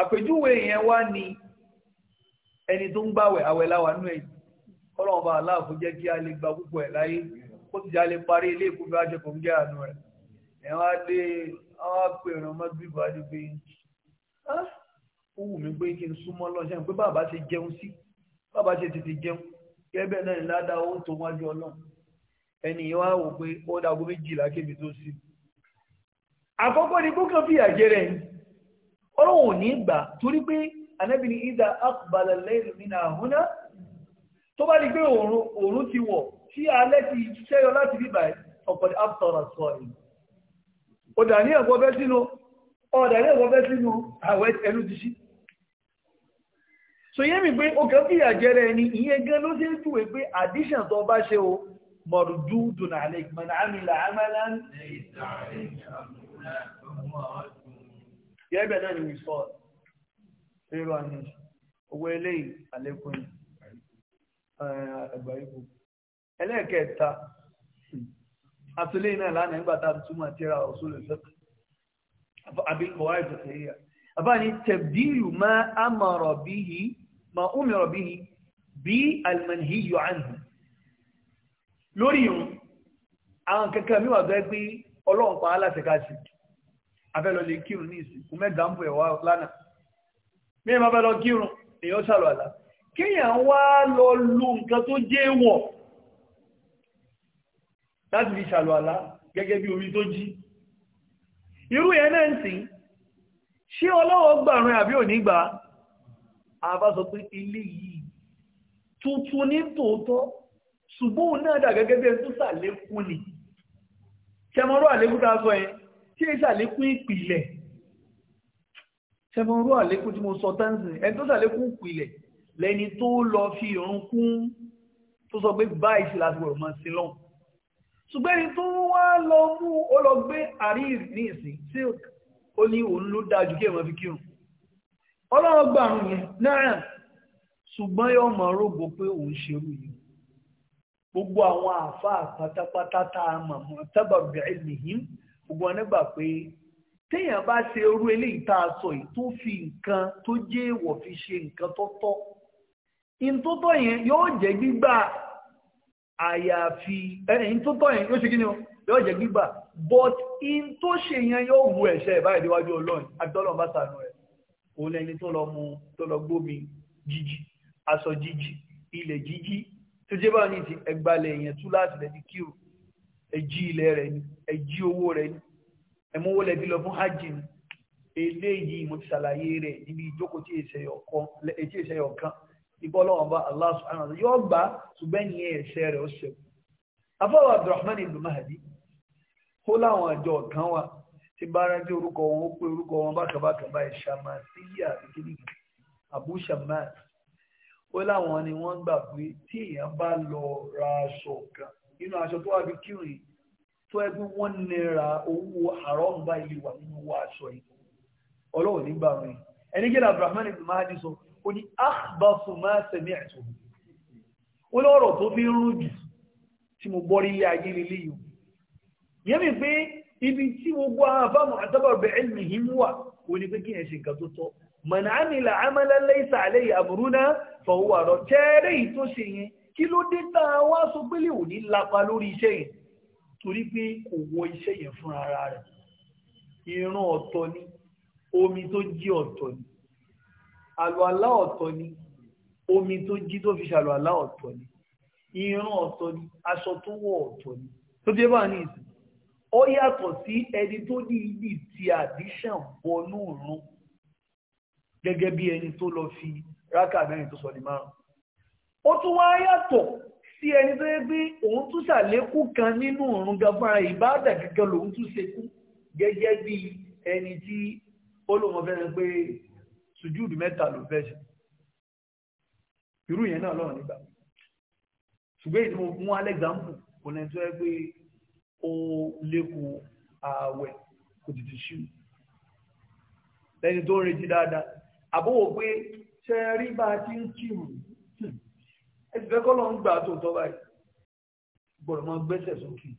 àpèjúwe yẹn wá ni ẹni tó ń gbàwẹ̀ àwẹ̀ láwa nú ẹ̀ kọ́lọ́wọ́n bá jẹ́ kí a lè gba púpọ̀ ẹ̀ láyé kó ti jà lè parí ilé ìkúfẹ́ àjẹkù jẹ́ àánú rẹ̀ ẹ̀wọ̀n á dé àwọn àpèrè ọmọ bíbọ̀ àdúgbò yìí ó wù mí pé kí n súnmọ́ lọ́sẹ̀ pé bàbá ṣe jẹun sí bàbá ṣe tètè jẹun kẹ́bẹ̀ náà ni ládàá ó tó wájú ọlọ́run ẹni wá wò pé ó dàgbó méjìlá kébi tó sí. àkọ́kọ́ ni kókò fi àjẹ rẹ̀ ọlọ́run ò ní gbà torí pé Ànábì ní ìdá àkùbalẹ̀ lẹ́yìn mi náà húnná tó bá di pé òòrùn ti wọ̀ tí alẹ́ ti ṣẹ́yọ láti bí báyìí ọ̀pọ̀lẹ̀ àpọ̀rọ̀ sọ èyí ọ̀dà ní ẹ̀kọ́ fẹ́ sínú àwẹ̀ ẹnu ti ṣí so yé mi pé ó kàn fìyà jẹrẹ ẹni ìyẹn gan ló ṣe ń júwe pé addition tó bá ṣe o mọ̀rùdú dùnà àlẹ́ ìgbọ̀nà àmìlà àmàlà ń yẹ́bẹ̀ náà ni we saw rírọ àmì owó eléyìí àlékún ẹgbà ìbò ẹlẹ́ẹ̀kẹta àtúlẹ́yìn náà lánàá nígbàtà túnmọ̀ tíra usul al-fiqh àbíkọ̀wá ìtọ̀tẹ̀ yìí àbáyé tẹ̀bdílù máa amara bihi ma umira bihi bí almanhiyu anhu lórí ìrun àwọn kẹkẹ mi wà tó ẹ pé ọlọ́run pa aláṣẹ ká ṣe afẹ́lọ lè kírun ní ìsìnkú mẹ́ta ń bọ̀ ẹ̀wà lánà mí ẹ̀mà bẹ́lọ kírun èyàn sàlọ̀ àlá kíyàn wá lọ lo nǹkan tó jẹ́ wọ̀ láti fi sàlọ̀ àlá gẹ́gẹ́ bí omi tó jí irú yẹn náà ń sìn ṣé ọlọ́wọ́ gbàrún àbí òní gbà á àbá sọ pé ilé yìí tuntun ní tòótọ́ ṣùgbọ́n náà dà gẹ́gẹ́ bí ẹtún sàlékún ni ṣẹmọrú àlékún tá a sọ yẹn tí èyí sàlékún ìpìlẹ̀ ṣẹmọrú àlékún tí mo sọ táǹsì ẹni tó sàlékún ìpìlẹ̀ lẹni tó lọ fi ìrun kún tó sọ pé báyìí sí láti wọ̀rọ̀ máa sin ṣùgbọ́n ẹni tó wá lọ mú ó lọ gbé àríyìn ní ìsìn tí ó ní òun ló dáa ju kí èèyàn fi kírun ọlọ́wọ́ gbà àrùn yẹn náírà ṣùgbọ́n yóò mọ̀ rògbò pé òun ṣerú yìí gbogbo àwọn àáfàá pátápátá tá a mọ̀ mọ́ tábàbí ẹ̀mìhín gbogbo wọn nígbà pé téèyàn bá ṣe irú eléyìí tá a sọ yìí tó fi nǹkan tó jẹ́ èèwọ̀ fi ṣe nǹkan tó tọ́ ìtótọ́ yẹn yóò jẹ́ gbígbà àyàfi ìtótọ́ yẹn yóò ṣe kí ni o yóò jẹ́ gbígbà but in tó ṣe yẹn yóò wu ẹ̀ṣẹ̀ ìbáyìí déwájú ọlọ́run àti òun lẹni tó lọ mu tó lọ gbómi jíjí aṣọ jíjí ilẹ̀ jíjí tó jẹ́ báwọn ní ti ẹgbàlẹ̀ èèyàn tú láti lẹ́ti kírù ẹjí ilẹ̀ rẹ̀ ni ẹjí owó rẹ̀ ni ẹmọ́wó lẹ́bi lọ fún hajj ni eléyìí mo ti ṣàlàyé rẹ̀ níbi ìjókòó tí èsẹ̀ ọ̀kan ìbọ́lọ́wọ́n bá Allah subhanahu wa ta'ala yóò gbà ṣùgbọ́n ní ẹ̀ṣẹ̀ rẹ̀ ó ṣẹ̀kù afọ́wọ́ Abdurrahman ibn Mahdi kó láwọn àjọ kan wa tí bá rántí orúkọ wọn ó pé orúkọ wọn bákàbákà báyìí ṣàmásíyà ìkíníkì àbú ṣàmás ó láwọn ni wọ́n gbà pé tí èèyàn bá lọ ra aṣọ kan nínú aṣọ tó wà bí kírin tó ẹgbẹ́ wọ́n nira owó àrọ́mù báyìí wà nínú owó aṣọ yìí ọlọ́run nígbà rẹ̀ ẹni gẹ́lá Abdulrahman ibn Mahdi sọ ó ní akhbasu ma sami'tu ó lọ́rọ̀ tó fi ń rújù tí mo gbọ́ rí ilé ayé lélẹ́yìí yẹ́mi pé ibi tí gbogbo àwọn àfáàmù àtọ́bọ̀ bẹ̀rẹ̀ nìyí mú wà kò ní pé kí ẹ̀ ṣe nǹkan tó tọ́ mọ̀nà àmìlà amálẹ́lẹ́ ìsàlẹ̀ àbúrúná fọwọ́ àrọ̀ tẹ́ẹ̀rẹ́ yìí tó ṣe yẹn kí ló dé tá a wá sọ pé lè ò ní lapa lórí iṣẹ́ yẹn torí pé kò wọ iṣẹ́ yẹn fún ara rẹ̀ irun ọ̀tọ̀ ni omi tó jí ọ̀tọ̀ ni àlùalá ọ̀tọ̀ ni omi tó jí tó fi ṣàlùalá ọ̀tọ̀ ni irun ọ̀tọ̀ ni aṣọ tó wọ̀ ọ̀tọ̀ ni tó dé bá ní ìsìn ó yàtọ̀ sí ẹni tó ní ìdí ti àdíṣàn wọnú ìrun gẹ́gẹ́ bí ẹni tó lọ fi rákà mẹ́rin tó sọ ní márùn ó tún wá yàtọ̀ sí ẹni tó yẹ pé òun tún ṣàlékún kan nínú ìrun gafara ìbáàdà kankan lòun tún ṣekú gẹ́gẹ́ bí ẹni tí ó fẹ́ràn pé sùjúùdù mẹ́ta ló fẹ́ ṣe irú yẹn náà lọ́rùn nígbà ṣùgbọ́n ìdí mo mú alẹ́gbàmù kò lẹ́ni tó yẹ pé ó lékun ààwẹ̀ kò tètè ṣú lẹ́ni tó ń retí dáadáa àbówò pé ṣe rí bá a ti ń kírun hmm. ẹsì fẹ́ kọ́ ló ń gbà tó tọ́ báyìí gbọ́dọ̀ máa gbẹ́sẹ̀ sókè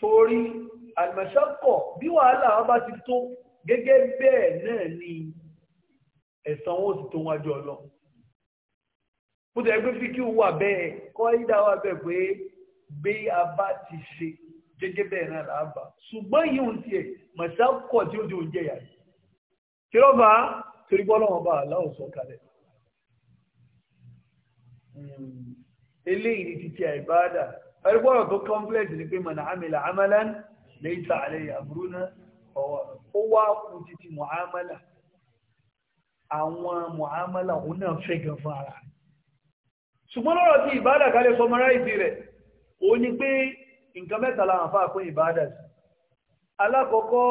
torí àlùmọ̀ṣọ́kọ̀ bí wàhálà wọn bá ti tó gẹ́gẹ́ bẹ́ẹ̀ náà ni ẹ̀san wọn ò sì tó wájú ọlọ bó ti ẹgbẹ́ fi kí wà bẹ́ẹ̀ kọ́ ìdá wà bẹ́ẹ̀ pé bí a bá ti ṣe gẹ́gẹ́ bẹ́ẹ̀ náà làbà ṣùgbọ́n yìí ń tiẹ̀ màṣá kọ̀ tí ó di oúnjẹ yà yìí kí ló bá torí bọ́ lọ́wọ́ bá aláwọ̀ sọ kalẹ̀ hmm. eléyìí ni títí àìbáadà ẹgbọ́rọ̀ tó complex ni pé mọ̀nà àmìlà amalan laysa alayhi amruna ó wá kú títí mu'amala àwọn mu'amala òun náà fẹ́ gan fún ara ṣùgbọ́n lọ́rọ̀ tí ìbáadà kalẹ̀ sọmọráìsì rẹ̀ ó ní pé nǹkan mẹ́ta làwọn àfáà pé ìbáadà sí alákọ̀ọ́kọ́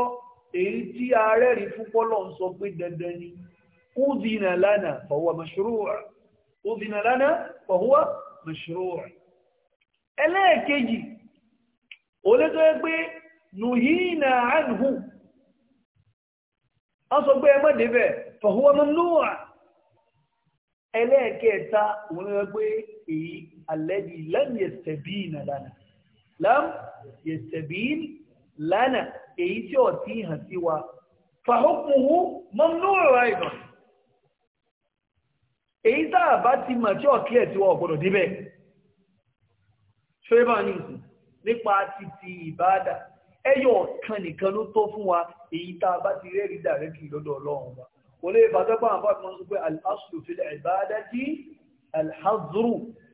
èyí tí ààrẹ fún pọ́lọ̀ ń sọ pé dandan ni lana fahuwa mashru'a udhina lana fahuwa ẹlẹ́ẹ̀kejì yẹ pé nuhina anhu wọ́n sọ pé ẹmọ́ débẹ̀ fahuwa mamnu'a ẹlẹ́ẹ̀kẹta òun pé èyí alladhi lam yastabina lánàá lam yastabina lánàá èyí tí ó ti hàn sí wa fa hukmuhu mamnu'un aidan èyí tá a bá ti mà tí ó kílẹ̀ tí wọ́n gbọ́dọ̀ débẹ̀ ṣé bá ní ìsìn nípa títí ìbáàdà ẹyọ ọ̀kan nìkan ló tó fún wa èyí tá a bá ti rẹ́rìí dàrẹ́kì lọ́dọ̀ ọlọ́run wa kò lè àwọn bá ti sọ pé al-aslu fil ibadati alhazru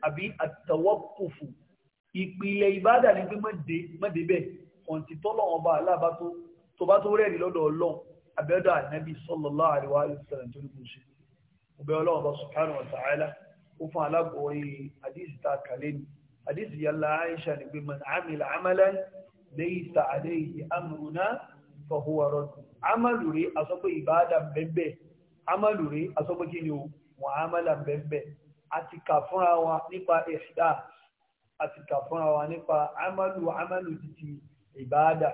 àbí àtàwọ́kùfù ìpìlẹ̀ ìbádà ní pé mọ́dé bẹ́ẹ̀ ọ̀ǹtí tọ́lọ̀ ọba aláàbá tó bá tó rẹ́rìí lọ́dọ̀ ọlọ́run abẹ́dọ̀ ànábì sallallahu alaihi wasallam tó ní kò ṣe ọbẹ̀ ọlọ́run bá subhanahu wa ta'ala ó fún alágbórí àdísì tá a kàlẹ́ ni àdísì yàlla Aisha ní pé man amila amalan laysa alayhi amruna fa huwa radd amalu rẹ̀ ìbádà bẹ́ẹ̀ bẹ́ẹ̀ amalu rẹ̀ kí ni o mu'amala bẹ́ẹ̀ bẹ́ẹ̀ àti kà fúnra wa nípa ìṣdá àti kà fúnra wa nípa amalu amalu títí ìbáadà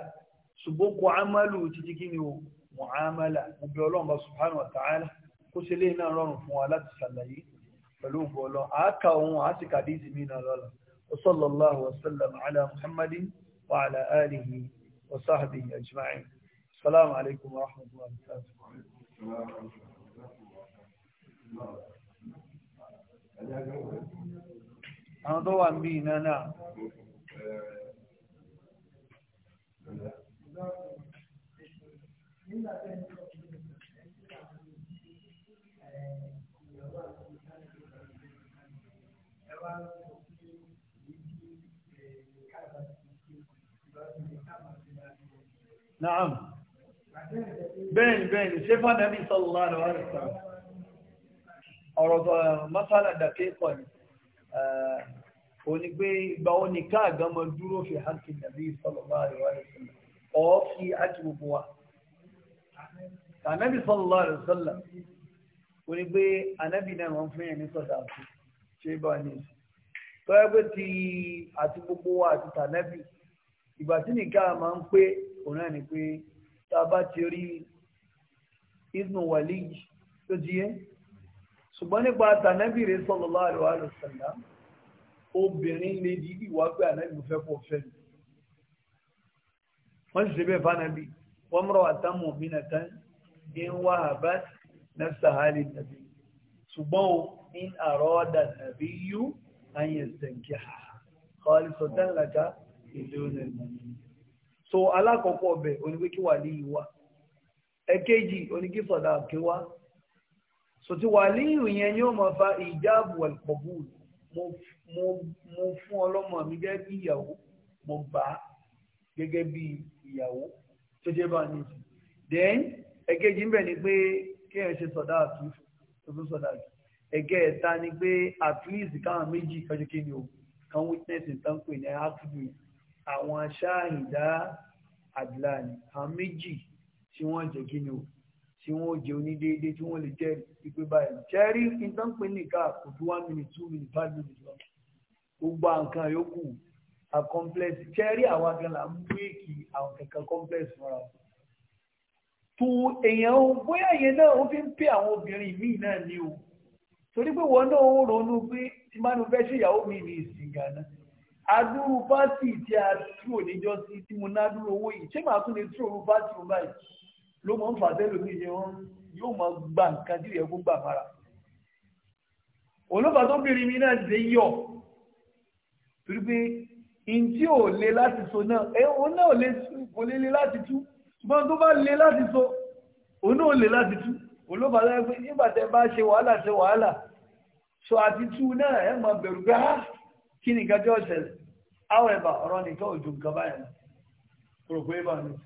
ṣùgbọ́n kò amalu títí kí ni o mu'amala gbogbo ọlọ́run bá subhanahu wa ta'ala kó ṣe lè náà rọrùn fún wa láti ṣàlàyé pẹ̀lú ògbọ́ ọlọ́run àáka òun àti kàdíìsì mi náà lọ́la وصلى الله وسلم على محمد وعلى آله وصحبه أجمعين السلام عليكم ورحمة الله وبركاته àwọn tó wà ń bí iná náà Naam. Bẹ́ẹ̀ni bẹ́ẹ̀ni, ṣe fọ́nà bí sọ́lọ́lá rẹ̀ rẹ̀ sáà. ọ̀rọ̀ masala dàkẹ́ pọ̀ ni ó ní pé ìgbà ó ní káàgán mọ dúró fi hàkì nàbí sallallahu alaihi wasallam ọ̀ fi gbogbo wa sallallahu alaihi wasallam ó ní pé ànábì náà wọ́n fún yẹn ní sọ̀dà àti ṣé bá ní ìsìn tó yẹ pé ti àti gbogbo wa àti tànábì ìgbà tí máa ń pé òun náà ni pé tá a bá ṣùgbọ́n nípa tànẹ́bìrì sallallahu alaihi wasallam obìnrin lè di ìwà pé ànábì fẹ́ pọ̀ fẹ́ mi wọ́n sì ṣe bẹ́ẹ̀ fánàbí wọ́n mọ̀rọ̀ àtàmù mìíràn ní wà bá nafsahali nàbí ṣùgbọ́n o in àrọ́dà nàbí yú ayé ṣẹ̀ǹkì ha kọ́lì sọ̀tẹ́ ńláta ìlú nàìjíríà so alákọ̀ọ́kọ́ ọbẹ̀ oníwékíwà ní ìwà ẹ̀kejì oníkísọ̀dà àkéwà so ti wàlíyù yẹn yóò máa fa ìjáàbù al-qabul mo fún ọlọ́mọ mi gẹ́gẹ́ bí ìyàwó mo gbà gẹ́gẹ́ bí ìyàwó tó jẹ́ bá ní ìsìn then ẹ̀kejì ń bẹ̀ ni pé kéèyàn ṣe sọ̀dá àtúnṣe tó tún sọ̀dá jù ẹ̀kẹ́ ẹ̀ta ni pé at least káwọn méjì kọjú kí ni o kan witness tán pè ní akpé àwọn aṣáàhìndá àdìlá ni àwọn méjì tí wọ́n jẹ́ kí ni o tí wọ́n jẹ onídéédé tí wọ́n lè jẹ́ ìpè báyìí jẹ́rí nǹkan pé nìkan kò tó one minute two minute five minute lọ gbogbo nǹkan yòókù a complex jẹ́rí àwọn akẹ́kọ̀ọ́ là ń bírèkì àwọn kankan complex fúnra wọn. tó èèyàn bóyá yẹn náà ó fi ń pè àwọn obìnrin míì náà ní o torí pé wọn náà ń ronú pé tí mánu fẹ́ ṣe ìyàwó mi ní ìsìngànà adúrú pátì tí a dúró níjọ́sí tí mo ná dúró owó yìí ṣé màá tún lè dúró pátì ló mọ̀ ń fà sẹ́lòmí ni wọ́n yóò mọ̀ gba nǹkan tí ìyẹ̀kú gbà fara olófà tó bìnrin mi náà ṣe yọ̀ torí pé in tí ò le láti so náà ẹ òun náà lè kò lè le láti tú ṣùgbọ́n tó bá le láti so òun náà lè láti tú olófà tó yẹ pé nígbà tẹ bá ṣe wàhálà ṣe wàhálà so àti tú náà ẹ mọ̀ bẹ̀rù gbá ah, kí ni ìkájọ́ ṣẹlẹ̀ however ọ̀rọ̀ nìkan òjò nǹkan báyìí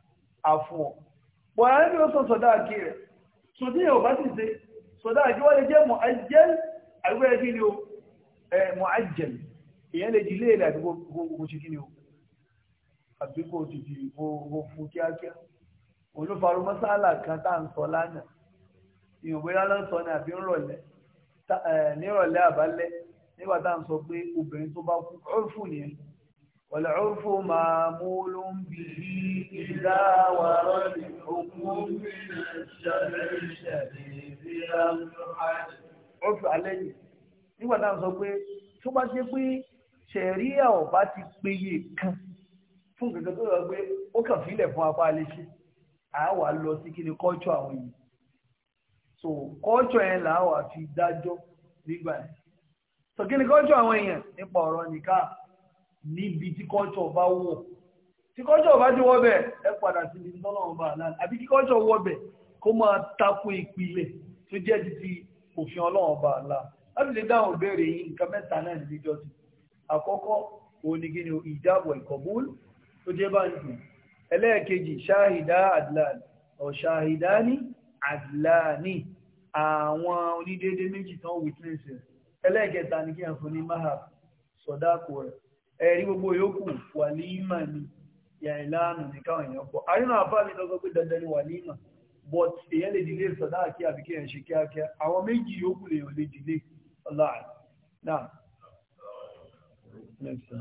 afọ ọ bọ̀yá ní ó sọ sọ̀dá àkí rẹ̀ tó ní ẹ̀ ò bá ni o mọ̀ ajẹ́l ihe lè di ilé ìlà àdúgbò o àbí kò ti di gbogbo fún kíákíá olúfarú kan ta nsọ ń sọ lánàá ìyàn bóyá ló ń sọ ní àbí nígbà والعرف معمول به إذا ورد الحكم من الشرع الشريف. لم يحد عرف عليه nígbà náà sọ pé tó bá ṣe pé ṣẹ̀ríà ọ̀bá ti péye kan fún gẹ́gẹ́ tó sọ pé ó kàn fílẹ̀ fún apá aléṣe àáwà lọ sí kí ni kọ́ọ̀tù àwọn yìí so kọ́ọ̀tù yẹn làáwà fi dájọ́ nígbà yẹn so kí ni kọ́ọ̀tù àwọn èèyàn nípa ọ̀rọ̀ nìkan níbi tí kọ́ńtọ̀ bá wọ̀ tí kọ́ńtọ̀ bá ti wọ́bẹ̀ ẹ padà sí ibi tọ́lọ́ ọba àlàlẹ́ àbí kí kọ́ńtọ̀ wọ́bẹ̀ kó máa tako ìpìlẹ̀ tó jẹ́ ti ti òfin ọlọ́run ọba àlà láti lè dáhùn ìbéèrè yìí nǹkan mẹ́ta náà níjọ́ sí àkọ́kọ́ òun ni kí ni ìjábọ̀ ìkọ̀bùl tó jẹ́ bá ń dùn ẹlẹ́ẹ̀kejì ṣáhìdá àdìláàní ọ̀ṣáhìdá àdìláàní àwọn onídéédé méjì tán witnesses ẹlẹ́ẹ̀kẹta ni kí n fún ní mahab sọ̀dáàkù rẹ̀ erigo boyo ku walima ni ya elano ni kawa nyoko ayina abali dogo kudadani walima but yele dile sada aki abike en shike aki awo meji yoku le yole dile allah na next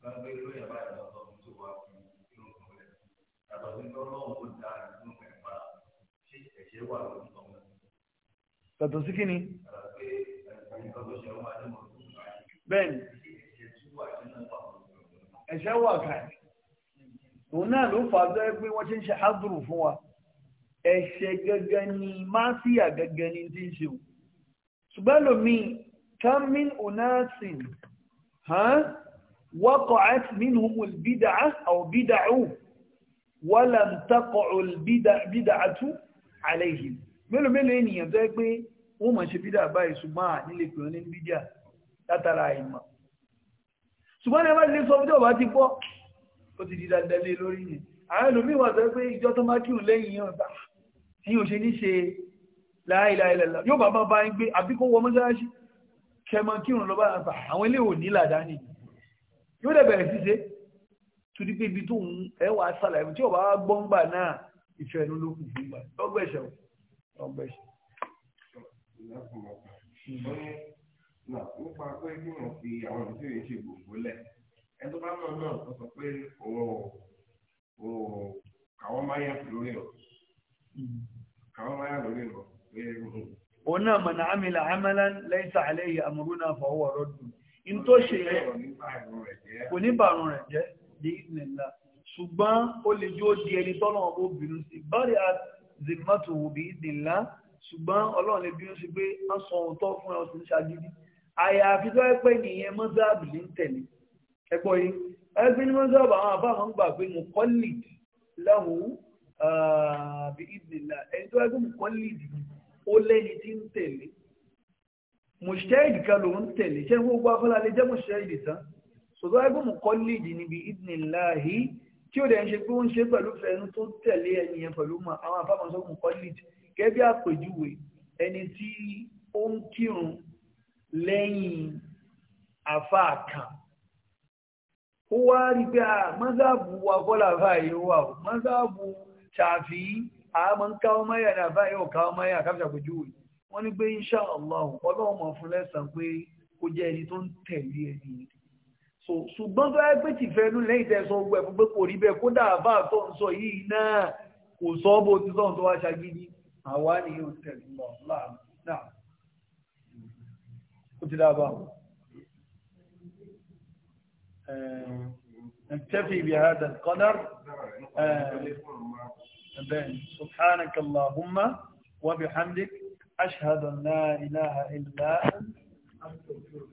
Thank you. yàtọ̀ sí kíni. bẹ́ẹ̀ni ẹ̀ṣẹ̀ wà káàkiri òun náà ló fà á sọ pé wọ́n ṣe ń ṣe ádùrù fún wa ẹ̀ṣẹ̀ gẹ́gẹ́ ni máṣíyà gẹ́gẹ́ ni tí ń ṣe o ṣùgbọ́n lómi kamin onasin wọ́kọ̀ àti nínú bídà àwọn bídà ọ̀hún walam taqa'ul bid'atu alayhim mélòó mélòó ènìyàn tó yẹ pé wọ́n mọ̀ ṣe bídà báyìí ṣùgbọ́n à nílé pè wọ́n ní bídà látara àìmọ̀ ṣùgbọ́n ní ẹ bá lè sọ fídà ọba ti pọ̀ ó ti di dandan lé lórí yẹn àwọn ẹlòmíín wà sọ pé ìjọ tó máa kírun lẹ́yìn yẹn ọ̀tá tí yóò ṣe ní ṣe bá torí pé ibi tó ń ẹ wà á ṣàlàyé tí ọba gbọ́ngbà náà ìfẹ́ ẹnu ló kù fún gbà lọ́gbẹ̀ṣẹ̀ lọ́gbẹ̀ṣẹ̀. nípa pé kí wọ́n fi àwọn ìṣèlú ṣe gbogbo lẹ̀ ẹ tó bá mọ̀ náà tó sọ pé òun ò káwọn máa yẹ lórí rẹ̀ káwọn máa yẹ lórí rẹ̀ pé òun náà mọ̀nà àmìlà amalan laysa alayhi amruna fa huwa radd in tó ṣe yẹ kò ní bàrùn rẹ̀ jẹ́ bí ìnìlá ṣùgbọ́n ó lè jó di ẹni tọ́nà ọ̀bọ̀ obìnrin sí bọ́ọ̀lì àzìmọ́tò òbí ìnìlá ṣùgbọ́n ọlọ́run lè bínú sí pé a sọ ohun tó fún ẹ ọ̀sìn ṣagídí àyàfi tó ẹgbẹ́ nìyẹn mọ́sáàbù ló ń tẹ̀lé ẹgbọ́ yìí ẹgbẹ́ ní mọ́sáàbù àwọn àbá máa ń gbà pé mo kọ́ lead láwọn bí ìdìlá ẹni tó ẹgbẹ́ mo kọ́ lead ó lẹ́ni tí ń tẹ̀lé mùsítẹ́ẹ̀dì kan ló ń tẹ̀lé ṣé gbogbo afọlá lè jẹ́ mùsítẹ́ẹ̀dì tán ṣùgbọ́n ẹgbẹ́ mú kọ́ líìdì níbi ìdínláàhí tí ó dẹ̀ ń ṣe pé ó ń ṣe pẹ̀lú fẹ́nu tó tẹ̀lé ẹni yẹn pẹ̀lú mọ́ àwọn àbámọ́sọ́ mú kọ́ líìdì gẹ́gẹ́ bí àpèjúwe ẹni tí ó ń kírun lẹ́yìn àfáà kan ó wá rí pé a mọ́sáàbù wa kọ́lá fáyé wà ó mọ́sáàbù ṣàfi àmọ́ ń káwọ́ mẹ́yà ní àfáà yóò káwọ́ mẹ́yà káfíàpèjúwe wọ́n ní pé insha Allah ọlọ́run mọ̀ fún lẹ́sàn pé kó jẹ́ ẹni tó ń tẹ̀lé ẹni ṣùgbọ́n tó ẹgbẹ́ ti fẹ́ inú lẹ́yìn tẹ́sán ogun ẹ̀fún pé kò rí bẹ́ẹ̀ kódà àbá tó ń sọ yìí náà kò sọ bó ti sọ́n tó wá ṣagídí àwa ni yóò tẹ̀lé lọ láàmú náà ó ti dábà نكتفي بهذا القدر سبحانك اللهم وبحمدك أشهد أن لا إله إلا أنت أستغفرك